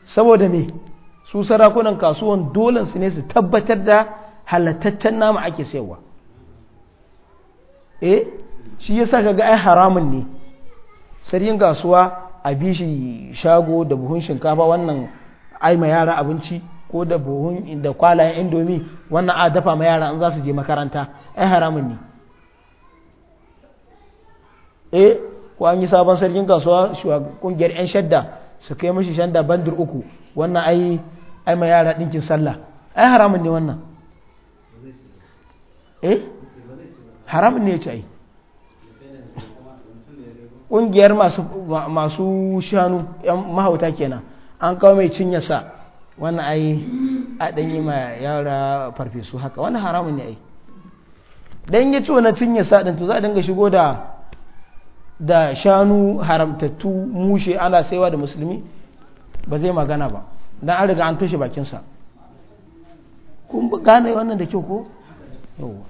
saboda me su sarakunan kasuwan dole su ne su tabbatar da halattaccen nama ake sayarwa eh shi yasa ga ai haramun ne sarkin kasuwa a bishi shago da buhun shinkafa wannan ai ma yara abinci ko da buhun da kwalayen indomi wannan a dafa ma yara an za su je makaranta ai haramun ne eh ko an yi sabon sarkin kasuwa kungiyar 'yan shadda su kai mashi shanda bandir uku wannan ai ai ma yara ɗinkin sallah ai haramun ne wannan eh haramun ne ya ai ƙungiyar masu shanu 'yan mahauta kenan an kawo mai cinya sa wani ai a dan yi ma yara farfesu haka wani haramun ne ai dan ya ci na cinya sa din to za a dinga shigo da da shanu haramtattu mushe ana saiwa da musulmi ba zai magana ba dan an riga an toshe bakin sa kun gane wannan da kyau ko yawa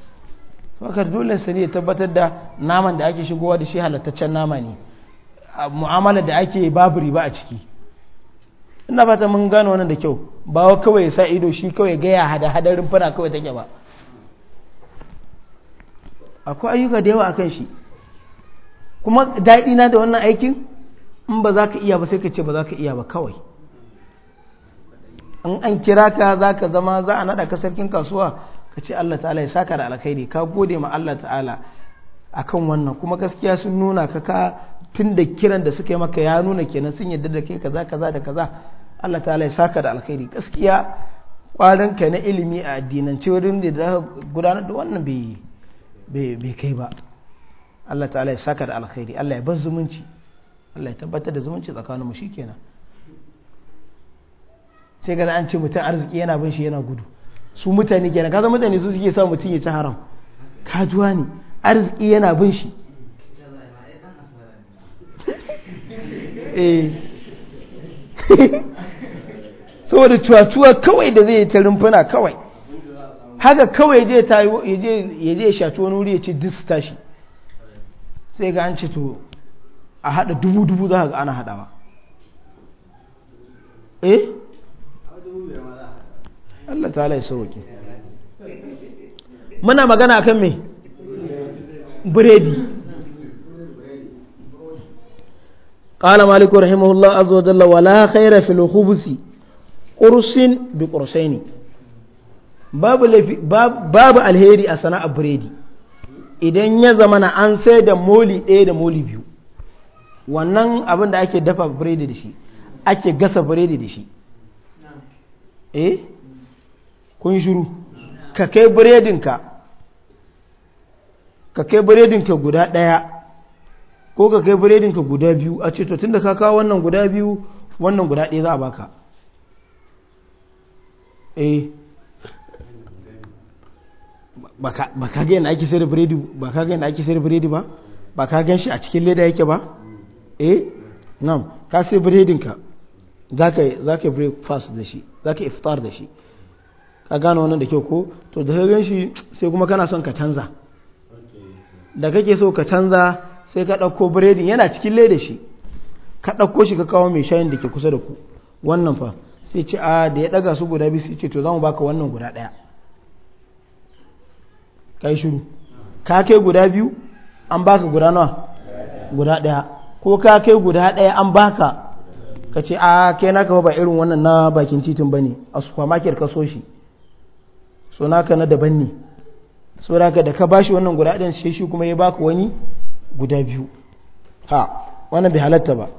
fakar dole sani ya tabbatar da naman da ake shigowa da shi halattaccen nama ne mu'amalar da ake babu riba a ciki ina fata mun gano wannan da kyau ba wa kawai ya sa ido shi kawai gaya hada hadar fana kawai take ba akwai ayyuka da yawa akan shi kuma daɗi na da wannan aikin in ba za ka iya ba sai ka ce ba za ka iya ba kawai in an kira ka za ka zama za a naɗa ka sarkin kasuwa ka ce Allah ta'ala ya saka da alkhairi ka gode ma Allah ta'ala akan wannan kuma gaskiya sun nuna ka ka tun da kiran da suka yi maka ya nuna kenan sun yadda da kai kaza kaza da kaza Allah Ta ya saka da alkhairi gaskiya kwarin ka na ilimi a addinance wurin da za ka gudanar da wannan bai kai ba Allah Ta ya saka da alkhairi Allah ya bar zumunci Allah ya tabbatar da zumunci tsakanin mu shikenan sai ga an ce mutum arziki yana bin shi yana gudu su mutane kenan kaza mutane su suke sa mutum ya ci haram kajuwa ne arziki yana bin shi eh saboda cuwa-cuwa kawai da zai yi ta rumfuna kawai haka kawai ya je ya shatu wani wuri ya ce dis tashi sai ga an ce to a hada dubu-dubu za ga ana haɗawa eh Allah ta halaye sauwaki muna magana kan me biredi قال مالك رحمه الله عز وجل ولا خير في الخبز ƙursin bi ne babu alheri a sana'a biredi idan ya zama na an sai da moli ɗaya da moli biyu wannan abin da ake dafa biredi da shi ake gasa biredi da shi eh kun shuru ka kai biredinka ka kai biredinka guda ɗaya ko ka kai biredinka guda biyu a ce to tunda ka kawo wannan guda biyu wannan guda ɗaya za a baka eh ba ka ga yadda ake da biredi ba ka ga yadda ake sayar biredi ba ba ka gan shi a cikin leda yake ba eh nam ka sai biredinka za ka yi breakfast da shi za ka iftar da shi ka gane wannan da kyau ko to da ka gan shi sai kuma kana son ka canza da kake so ka canza sai ka ɗauko biredin yana cikin leda shi ka ɗauko shi ka kawo mai shayin da ke kusa da ku wannan fa sai ce a ah, da ya daga su guda biyu sai ce to za mu baka wannan guda ɗaya kai shiru ka kai guda biyu an baka guda nawa guda ɗaya ko ka kai guda ɗaya an baka ka ce a ah, kai naka ba irin wannan na bakin titin bane a supermarket ka so shi so naka na daban ne so naka da ka bashi wannan guda ɗayan sai shi kuma ya baka wani guda biyu ha wannan bai halatta ba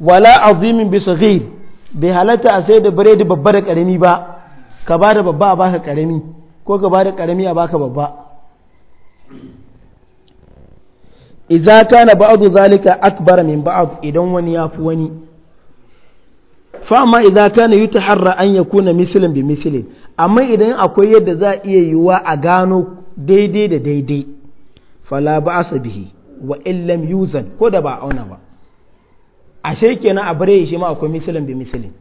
wala azimin bi saghir bai halatta a sai da biredi babba da karami ba ka ba da babba a baka karami ko ka ba da karami a baka babba idza kana ba'du zalika akbar min ba'd idan wani yafi wani fa amma idza kana yutaharra an yakuna mislan bi mislin amma idan akwai yadda za iya yiwa a gano daidai da daidai fala ba'asa bihi wa illam yuzan ko da ba auna ba ashe kenan a bare shi ma akwai misilin bi misilin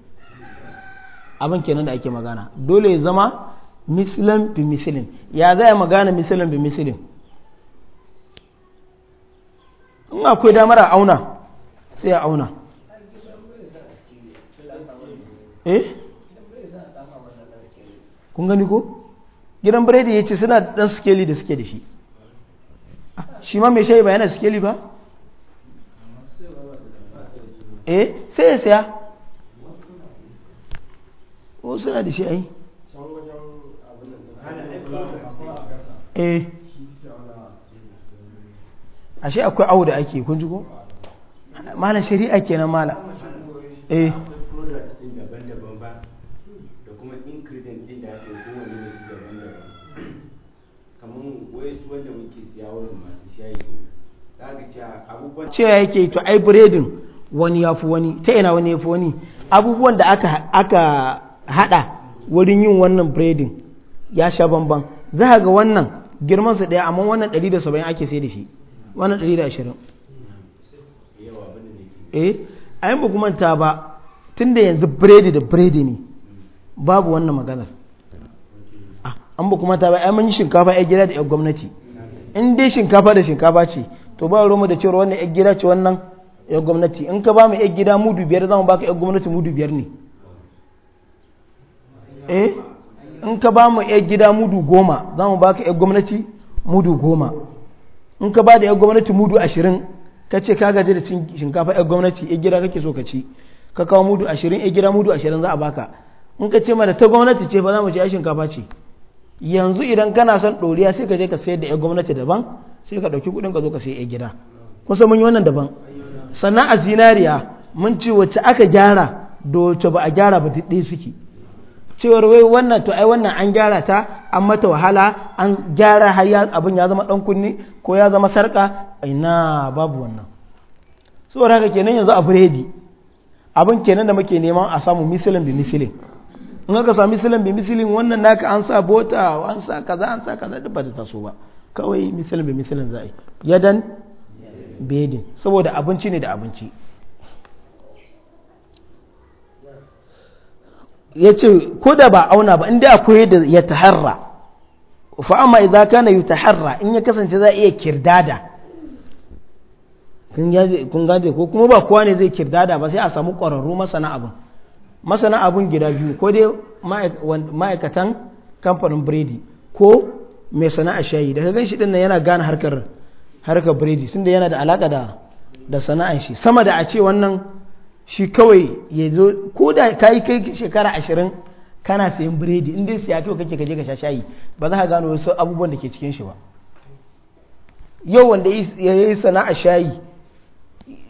abin kenan da ake magana dole ya zama misilin bi misilin ya zai magana misilin bi misilin in akwai damar a auna sai a auna eh kun gani ko gidan biredi ya ce suna dan skeli da suke da shi shi ma mai shayi ba yana skeli ba eh sai ya saya wasu suna da shi ai eh ashe akwai awo da ake kun ji ko malam shari'a kenan malam. eh ya yake to ai biredin wani ya fi wani ta ina wani ya fi wani abubuwan da aka aka hada wurin yin wannan braiding ya sha bamban za a ga wannan girman su daya amma wannan 170 ake sai da shi wannan 120 eh a yin bukumanta ba tun da yanzu biredi da biredi ne babu wannan maganar an ah, bukumanta ba a yi shinkafa ya gida da ya gwamnati in dai shinkafa da shinkafa ce to ba rumu da cewar wannan ya gida ce wannan ya gwamnati in ka ba mu yan gida mudu biyar za mu baka yan gwamnati mudu biyar ne eh in ka ba mu yan gida mudu goma za mu baka yan gwamnati mudu goma in ka ba da yan gwamnati mudu ashirin ka ce ka gaji da cin shinkafa yan gwamnati yan gida kake so ka ci ka kawo mudu ashirin yan gida mudu ashirin za a baka in ka ce mana ta gwamnati ce ba za mu ci ai shinkafa ce yanzu idan kana son ɗoriya sai ka je ka sayar da yan gwamnati daban sai ka ɗauki kuɗin ka zo ka sayi yan gida kun san mun yi wannan daban sannan a zinariya mun ce wacce aka gyara da wacce ba a gyara ba daidai suke cewar wai wannan to ai wannan an gyara ta an mata wahala an gyara har ya abin ya zama dan kunni ko ya zama sarka ina babu wannan saboda haka kenan yanzu a biredi abin kenan da muke neman a samu misilin bi misilin in aka samu misilin bi misilin wannan naka an sa bota an sa kaza an sa kaza duk ba ta taso ba kawai misilin bi misilin za a yi yadan bedin saboda abinci ne da abinci ya ce ko da ba auna ba inda akwai da ya taharra fa'amma idan na yi taharra in ya kasance za a iya kirdada kun gade ko kuma ba kowa ne zai kirdada ba sai a samu kwararru masana abin masana abin gida biyu ko dai ma'aikatan kamfanin biredi ko mai sana'a shayi daga gan shi ɗin yana gane harkar harkar biredi sun da yana da alaka da da sana'an shi sama da a ce wannan shi kawai ya zo ko da ka yi kai shekara ashirin kana sayan biredi in dai siya kawai kake kaje ka sha shayi ba za ka gano wasu abubuwan da ke cikin shi ba yau wanda ya yi sana'a shayi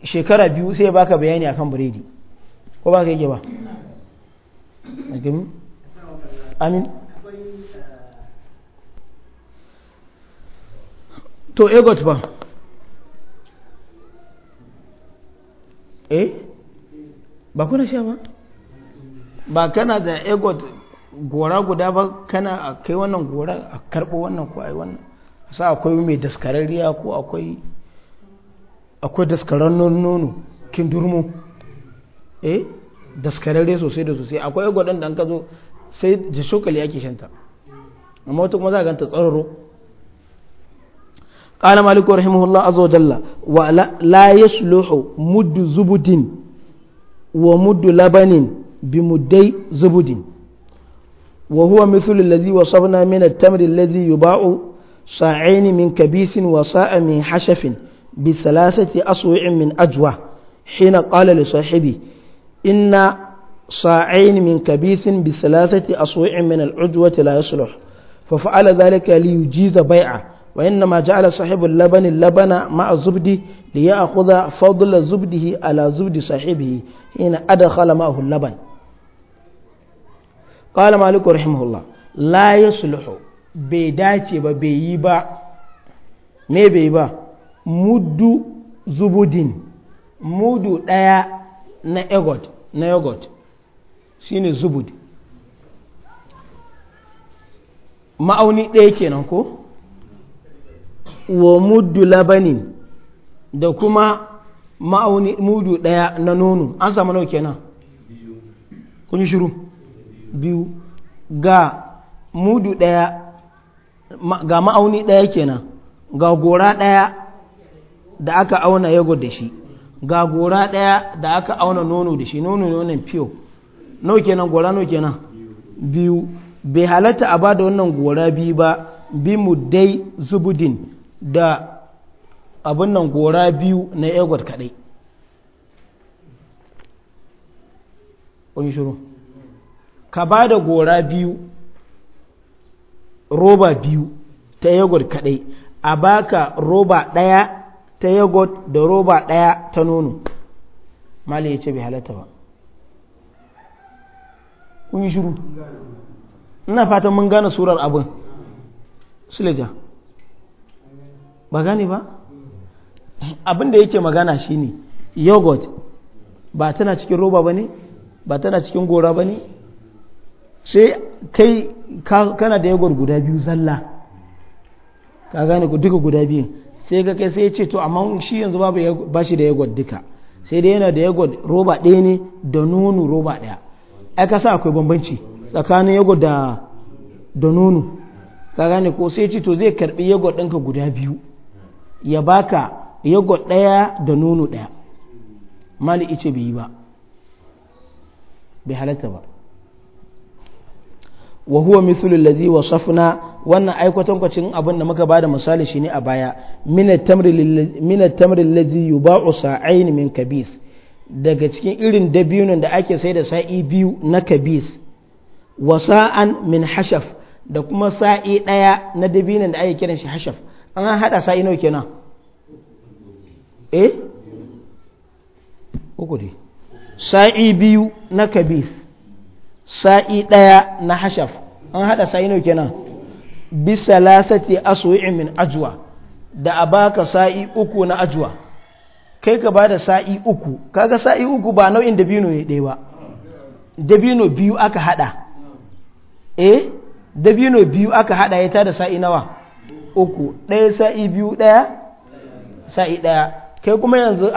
shekara biyu sai baka bayani akan biredi ko ba ka yake ba amin to egot ba eh ba kuna sha ba ba kana da egot gora guda ba kana a kai wannan gora a karɓo wannan ko a yi wannan sa akwai mai daskararriya ko akwai akwai daskarar nono durmo eh daskararre sosai da sosai akwai egot ɗin da an ka zo sai da shokali ake shanta amma wata kuma za a ganta tsararo قال مالك رحمه الله عز وجل ولا يصلح مد زبد ومد لبن بمدي زبد وهو مثل الذي وصفنا من التمر الذي يباع صاعين من كبيس وصاع من حشف بثلاثة أصوع من أجوى حين قال لصاحبي إن صاعين من كبيس بثلاثة أصوع من العجوة لا يصلح ففعل ذلك ليجيز بيعه wa ina ma ja ala saaxiɓu laban labana ma'a zubdi iya a kula fadla ala zubdi saaxiɓi ina adana kala ma'a laban. qaala ma alaiko raaximahullaha. laaya sulhu bai da ce ba bai yi ba me bai ba muddu zubudin mudu ɗaya na egot shine zubud ma'auni ɗaya kenan ko wa muddu labani da kuma ma'auni mudu ɗaya na nono an samu nau kenan kun shiru biyu ga mudu ɗaya ga ma'auni ɗaya kenan ga gora ɗaya da aka auna yago da shi ga gora ɗaya da aka auna nono da shi nono nonon fiyo nau kenan gora nau kenan biyu bai halatta a ba da wannan gora biyu ba bi mu dai zubudin da abin nan gora biyu na egot kadai ka ba da gora biyu roba biyu ta egot kadai a baka roba ɗaya ta egot da roba ɗaya ta nono mali ya ce bai halatta ba ƙunshi ina fatan mun gane surar abin suleja ba gani ba abin da yake magana shine yogurt ba tana cikin roba ba ne ba tana cikin gora ba ne sai kai kana da yogurt guda biyu zalla ka gane ku duka guda biyu sai ga kai sai ya ce to amma shi yanzu ba shi da yogurt duka sai dai yana da yogurt roba ɗaya ne da nono roba ɗaya ai ka sa akwai bambanci tsakanin yogurt da da nono ka gane ko sai ce to zai karbi yogurt ɗinka guda biyu ya baka yago ɗaya da nono ɗaya mali ice bai yi ba bai halatta ba wa huwa mithlu alladhi wasafna wannan aikwatan kwacin abin da muka bada misali shi ne a baya min at-tamri allazi yuba'u sa'ain min kabis daga cikin irin dabinon da ake sai da sa'i biyu na kabis wa sa'an min hashaf da kuma sa'i daya na dabinon da ake kiran shi hashaf an haɗa sa'i nawa kenan eh uku dai sa'i biyu na kabis sa'i ɗaya na hashaf an haɗa sa'i nawa kenan bisa lasati aswi'in min ajwa da a baka sa'i uku na ajwa kai ka ba da sa'i uku kaga sa'i uku ba nau'in dabino ne ɗaya ba dabino biyu aka haɗa eh dabino biyu aka haɗa ya tada sa'i nawa uku ɗaya sa'i biyu ɗaya sa'i ɗaya kai kuma yanzu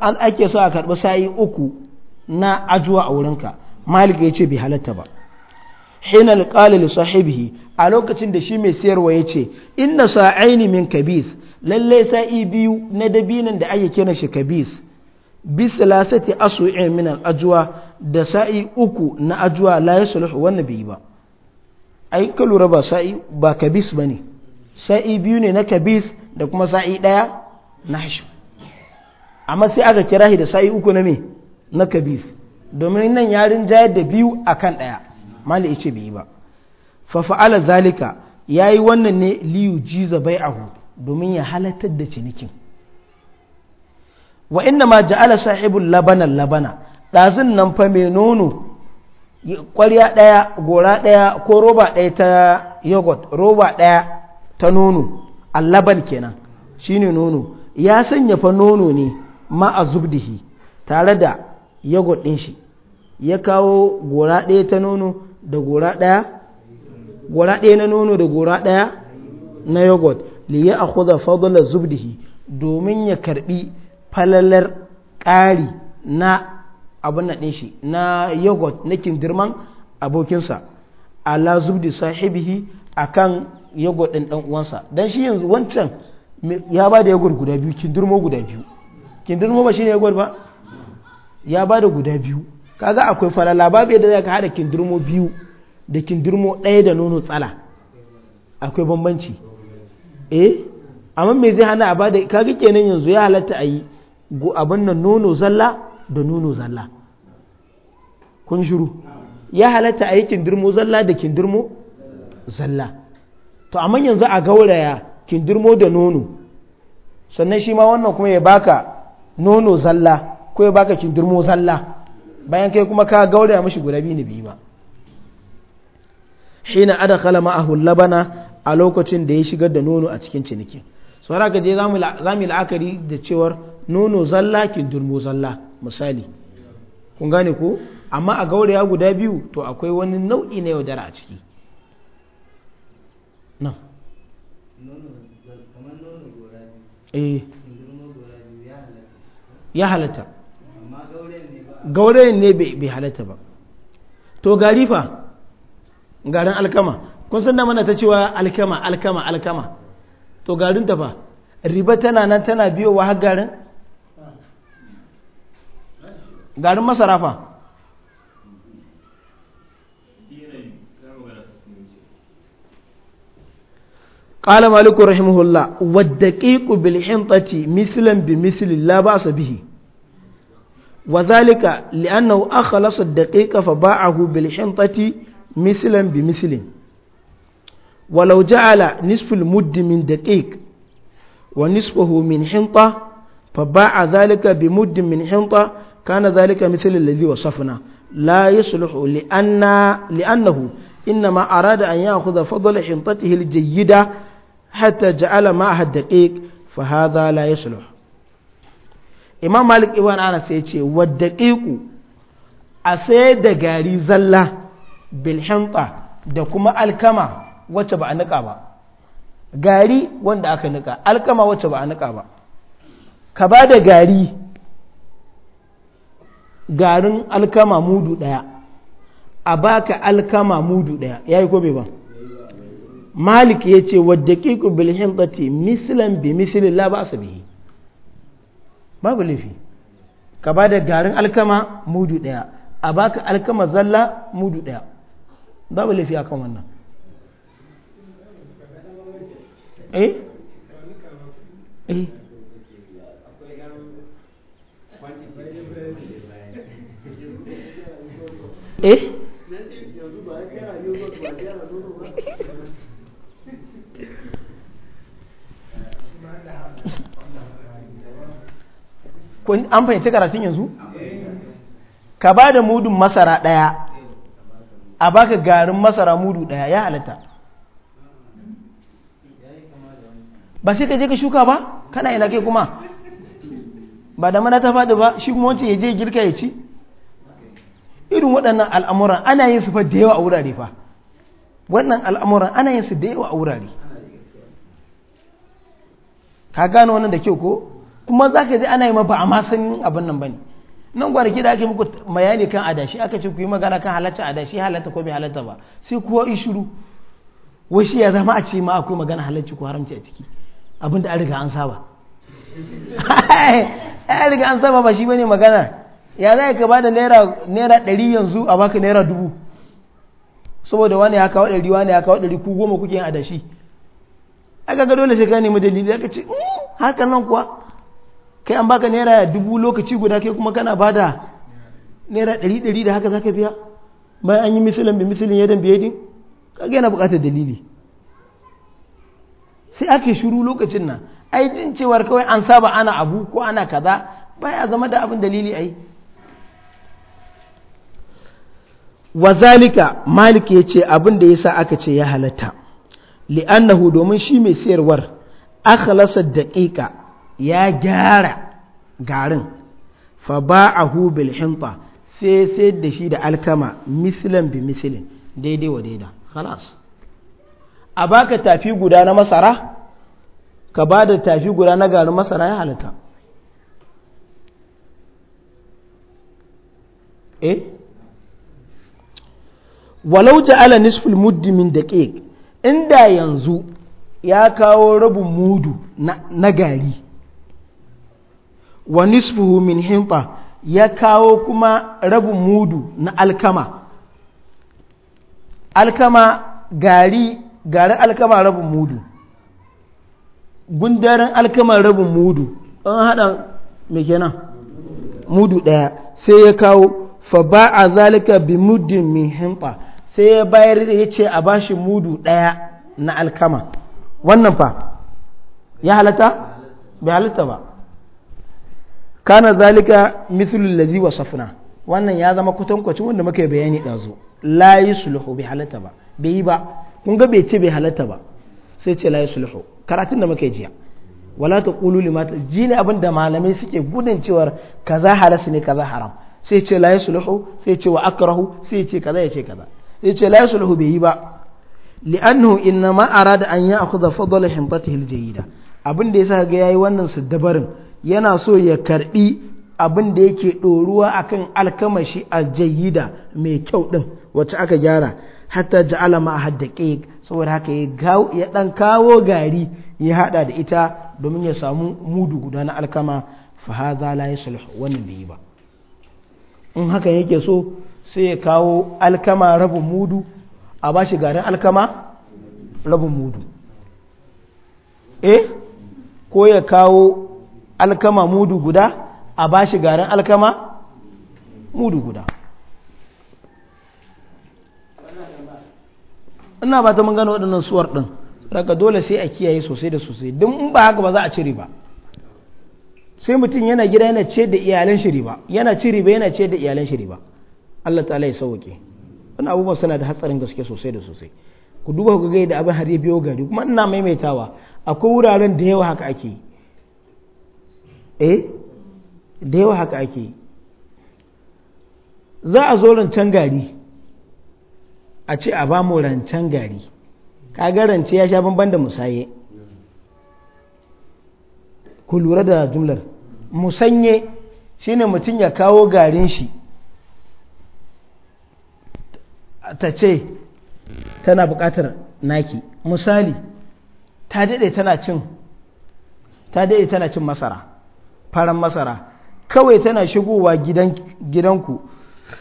an ake so a karɓi sa'i uku na ajuwa a wurinka malik ya ce bai halatta ba hina alƙalil sahibihi a lokacin da shi mai siyarwa ya ce inna sa'aini min kabis lallai sa'i biyu na dabinan da ake kiran shi kabis bisalasati aso asu'in min ajuwa da sa'i uku na ajuwa la yasluhu wannan bai ba ai ka lura ba sa'i ba kabis bane sa'i biyu ne na kabis da kuma sa'i ɗaya na hashim amma sai aka kira shi da sa'i uku na me na kabis domin nan yarin jayar da biyu a kan ɗaya mali ice bai ba fa fa'ala zalika ya yi wannan ne liyu jiza bai ahu domin ya halatar da cinikin wa inna ma ja'ala sahibul labana labana ɗazin nan fa mai nono ƙwarya ɗaya gora ɗaya ko roba ɗaya ta yogurt roba ɗaya ta nono allaban kenan shine nono ya sanya fa nono ne ma a zubdihi tare da yogurt ɗin shi ya kawo gora ɗaya ta nono da gora ɗaya gora ɗaya na nono da gora ɗaya na yogurt li ya da fadular zubdihi domin ya karbi falalar ƙari na abin na ɗin shi na yogurt na kindirman abokinsa ala zubdi sahibihi akan yago ɗin ɗan uwansa dan shi yanzu wancan ya ba da yagwar guda biyu kin durmo guda biyu kin durmo ba shi ne yagwar ba ya ba da guda biyu kaga akwai falala babu yadda za ka haɗa durmo biyu da kin durmo ɗaya da nono tsala akwai bambanci eh amma me zai hana a ba da kaga kenan yanzu ya halatta a yi abin nan nono zalla da nono zalla kun shiru ya halatta a yi kin durmo zalla da kin durmo zalla to amma yanzu a gauraya kindirmo da nono sannan shi ma wannan kuma ya baka nono zalla ko ya baka kindirmo zalla bayan kai kuma ka gauraya mashi guda biyu ne biyu ba shi na kala ma'ahu labana a lokacin da ya shigar da nono a cikin cinikin so haka je za mu la'akari da cewar nono zalla kindirmo zalla misali kun gane ko amma a gauraya guda biyu to akwai wani nau'i na yaudara a ciki eh ya halatta gaurayen ne bai halatta ba to gari fa garin alkama kun san mana ta cewa alkama alkama alkama to garin ta fa riba tana nan tana biyo wa har garin ah. garin masara fa قال مالك رحمه الله والدقيق بالحنطة مثلا بمثل لا بأس به وذلك لأنه أخلص الدقيق فباعه بالحنطة مثلا بمثل ولو جعل نصف المد من دقيق ونصفه من حنطة فباع ذلك بمد من حنطة كان ذلك مثل الذي وصفنا لا يصلح لأن لأنه إنما أراد أن يأخذ فضل حنطته الجيدة حتى جعل ma'aha daqiq fa hadha la yasluh imam malik ibn anas ya ce wa a sayar da gari zalla da kuma alkama wacce ba a nika ba gari wanda aka nika alkama wacce ba a nika ba ka ba da gari garin alkama mudu daya a baka alkama mudu daya yayi ko ba malik ya ce wadda kiku bilhin ƙati misilan bi mislin la ba bihi babu laifi ka ba da garin alkama mudu ɗaya a baka alkama zalla mudu ɗaya babu laifi a kan wannan eh eh eh an fahimci karatun yanzu ka ba da mudun masara ɗaya a baka garin masara mudu ɗaya ya halatta ba sai ka je ka shuka ba kana ina kai kuma ba da mana ta faɗi ba shi kuma wancan ya je girka ya ci irin waɗannan al'amuran ana yin su fa da yawa a wurare fa Waɗannan al'amuran ana yin su da yawa a wurare ka gane wannan da kyau ko kuma za ka yi ana yi ma ba a ma san abin nan ba ne nan kwanaki da ake muku mayani kan adashi aka ce ku yi magana kan halatta adashi halatta ko bai halatta ba sai kuwa in shiru wasu ya zama a ce ma akwai magana halarci ko haramci a ciki abin da an riga an saba an riga an saba ba shi bane magana ya za ka ba da naira ɗari yanzu a baka naira dubu saboda wani ya kawo ɗari wani ya kawo ɗari ku goma kuke yin adashi aka ga dole sai ka nemi dalili aka ce mm, hakan nan kuwa kai an baka naira dubu lokaci guda kai kuma kana bada naira ɗari ɗari da haka zaka biya bayan an yi misilin bi misalin yadan biye din kaga yana buƙatar dalili sai ake shiru lokacin nan ai jin cewar kawai an saba ana abu ko ana kaza baya zama da abin dalili ai wa zalika malik ya ce abin da yasa aka ce ya halatta li'annahu domin shi mai sayarwar akhlasa daƙiƙa ya gyara garin fa ba'ahu bil hinta sai sayar da shi da alkama mislan bi mislin daidai wa daida khalas a baka tafi guda na masara ka ba da tafi guda na garin masara ya halatta eh walau ja'ala nisful muddi min daqiq inda yanzu ya kawo rabin mudu na gari wa nisfuhu min hinta ya kawo kuma rabin mudu na alkama alkama gari gari alkama rabin mudu gundarin alkama rabin mudu an haɗa mai kenan mudu ɗaya sai ya kawo fa ba a zalika bi muddin min hinta sai ya bayar da ya ce a bashi mudu ɗaya na alkama wannan fa ya halata bai halata ba kana zalika mithlul ladhi wasafna wannan ya zama kwatankwacin wanda muka yi bayani ɗazu la sulhu bai halata ba bai yi ba kun ga bai ce bai halata ba sai ce la sulhu karatun da muka yi jiya wala ta limata lima ji ne abin da malamai suke gudun cewar kaza halas ne kaza haram sai ce la sulhu sai ce wa akrahu sai ce kaza ya ce kaza sai ce la sulhu bai yi ba li'annahu inna ma arada an ya akhudha fadl himtatihi aljayida abin da ya yasa ga yayi wannan siddabarin yana so ya karbi abin da yake doruwa akan alkamashi jayida mai kyau din wacce aka gyara hatta alama ma haddake saboda haka ya dan kawo gari ya hada da ita domin ya samu mudu guda na alkama fa hadha la yasulhu wannan bai ba in haka yake so sai ya kawo alkama rabin mudu a ba shi garin alkama rabin mudu eh ko ya kawo alkama mudu guda a ba shi garin alkama mudu guda ina ba ta mun gano waɗannan suwar ɗin daga dole sai a kiyaye sosai da sosai don in ba haka ba za a cire ba sai mutum yana gida yana ce da iyalan shiri ba. yana yana ce da iyalan shiri ba Allah ta'ala ya sauke wani abubuwan suna da hatsarin gaske sosai da sosai ku duba ku ga da abin har ya biyo gari kuma ina maimaitawa akwai wuraren da yawa haka ake eh da yawa haka ake za a zo rancen gari a ce a ba mu rancen gari kaga rance ya sha bamban da musaye ku lura da jumlar musanye shine mutum ya kawo garin shi ta ce tana buƙatar naki misali ta daɗe tana cin ta daɗe tana cin masara faran masara kawai tana shigowa gidanku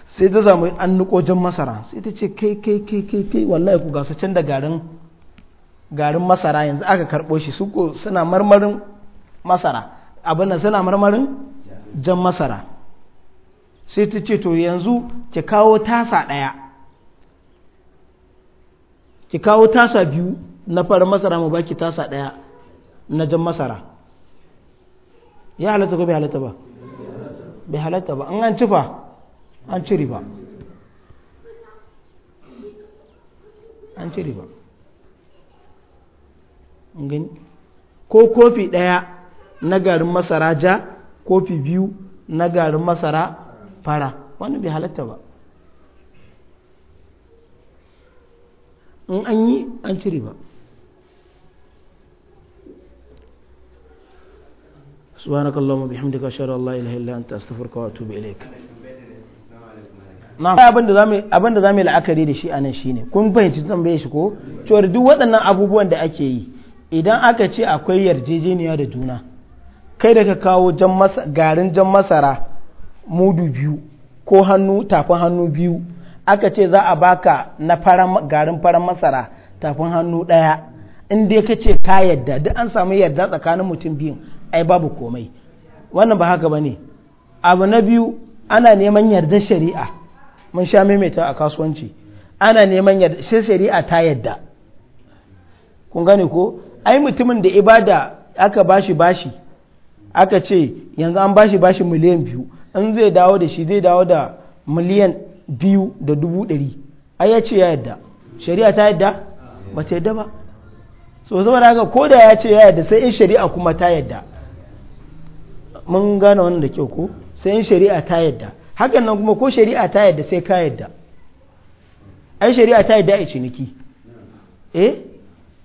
sai ta zama an nukojin masara sai ta ce kai kai kai kai kai wallahi ku gasa can da garin garin masara yanzu aka karɓo shi suko suna marmarin masara abin nan suna marmarin jan masara sai ta ce to yanzu ki kawo tasa ɗaya ki kawo tasa biyu na farin masara mu baki tasa ɗaya na jan masara ya halatta ko bai halatta ba bai halatta ba an an cifa an ci riba an ci riba ko kofi ɗaya na garin masara ja kofi biyu na garin masara fara wannan bai halatta ba in an yi an cire ba سبحانك اللهم وبحمدك اشهد ان لا اله الا انت استغفرك واتوب اليك na abin da za mu la'akari da shi a nan shine kun fahimci tambaye shi ko cewar duk waɗannan abubuwan da ake yi idan aka ce akwai yarjejeniya da juna kai da ka kawo garin jan masara mudu biyu ko hannu tafin hannu biyu aka ce za a baka na garin farar masara tafin hannu ɗaya in dai ka ce ka yadda duk an samu yadda tsakanin mutum biyun ai babu komai wannan ba haka ba ne abu na biyu ana neman yardar shari'a mun sha maimaita a kasuwanci ana neman yadda shi shari'a ta yadda kun gane ko ai mutumin da ibada aka bashi bashi aka ce yanzu an bashi bashi miliyan biyu in zai dawo da shi zai dawo da miliyan biyu da dubu ɗari ai ya ce ya yadda shari'a ta yadda ba ta yadda ba so zama da haka ko da ya ce ya yadda sai in shari'a kuma ta yadda mun gane wannan da kyau ko sai in shari'a ta yadda hakan nan kuma ko shari'a ta yadda sai ka yadda ai shari'a ta yadda a ciniki eh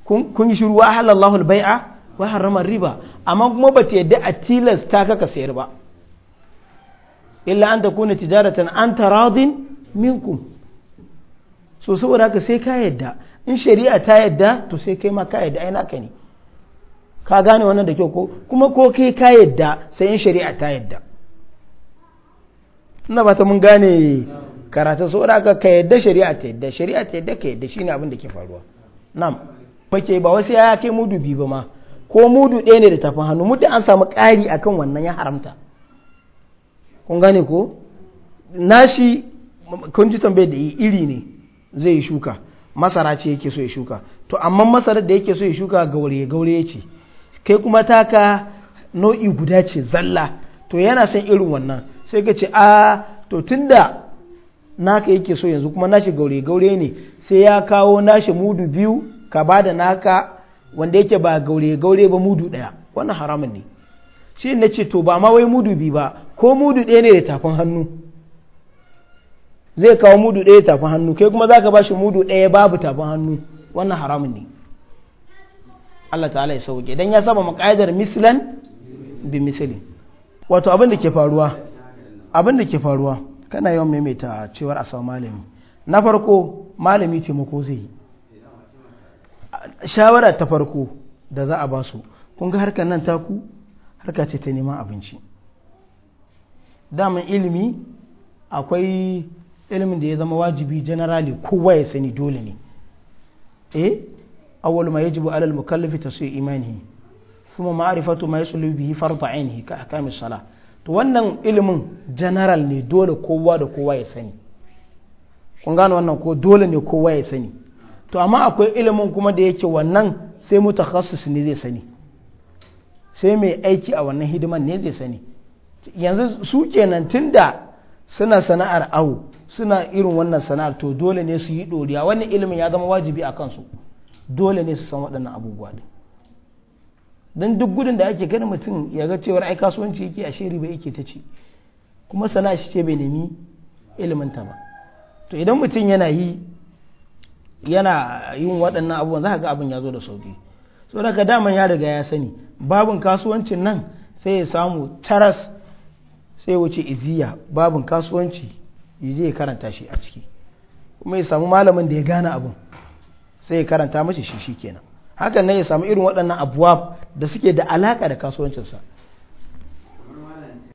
kun yi shiru wa halallahu a? wa haramar riba amma kuma ba ta yadda a tilasta ka ka sayar ba illa an ta kuna tijaratan an radin minkum so saboda haka sai ka yadda in shari'a ta yadda to sai kai ma ka yadda ai naka ne ka gane wannan da kyau ko kuma ko kai ka yadda sai in shari'a ta yadda ina ba ta mun gane karatu saboda haka ka yadda shari'a ta yadda shari'a ta yadda ka yadda shine abin da ke faruwa na'am fake ba wasu ya kai mudu biyu ba ma ko mudu ɗaya ne da tafin hannu muddin an samu ƙari akan wannan ya haramta kun gane ko nashi kun ji tambayar da iri ne zai yi shuka masara ce yake so ya shuka to amma masarar da yake so ya shuka gaure gaure ce kai kuma taka nau'i guda ce zalla to yana son irin wannan sai ka ce a to tunda naka yake so yanzu kuma nashi gaure gaure ne sai ya kawo nashi mudu biyu ka ba da naka wanda yake ba gaure gaure ba mudu ɗaya wannan haramun ne shi na ce to ba ma wai mudu biyu ba ko mudu ɗaya ne da tafin hannu zai kawo mudu ɗaya tafin hannu kai kuma za ka bashi mudu ɗaya babu tafin hannu wannan haramun ne Allah ta'ala ya sauke dan ya saba maƙa'idar mislan bi misli wato abin da ke faruwa abin da ke faruwa kana yawan maimaita cewar a samu malami na farko malami taimako zai yi shawara ta farko da za a ba su kun ga harkar nan taku harka ce ta neman abinci daman ilimi akwai ilimin da ya zama wajibi generally kowa ya sani dole ne eh awwal ma yajibu ala al mukallafi tasu imani kuma ma'rifatu ma yasulu bihi fardu ainihi ka ahkami salah to wannan ilimin general ne dole kowa da kowa ya sani kun gane wannan ko dole ne kowa ya sani to amma akwai ilimin kuma da yake wannan sai mutakhassis ne zai sani sai mai aiki a wannan hidiman ne zai sani yanzu su kenan tunda suna sana'ar awo suna irin wannan sana'ar to dole ne su yi doriya wannan ilimin ya zama wajibi a kansu dole ne su san waɗannan abubuwa ne don duk gudun da ake gani mutum ya ga cewar ai kasuwanci yake a shiri ba yake ta ce kuma sana'a shi ce bai nemi ilimin ta ba to idan mutum yana yi yana yin waɗannan abubuwan za ga abin ya zo da sauki so daga daman ya riga ya sani babin kasuwancin nan sai ya samu taras sai wuce iziya babin kasuwanci Yaje ya karanta shi a ciki kuma ya samu malamin da ya gane abun sai ya karanta mashi shi shi kenan hakan nan ya samu irin waɗannan abuwa da suke da alaƙa da kasuwancinsa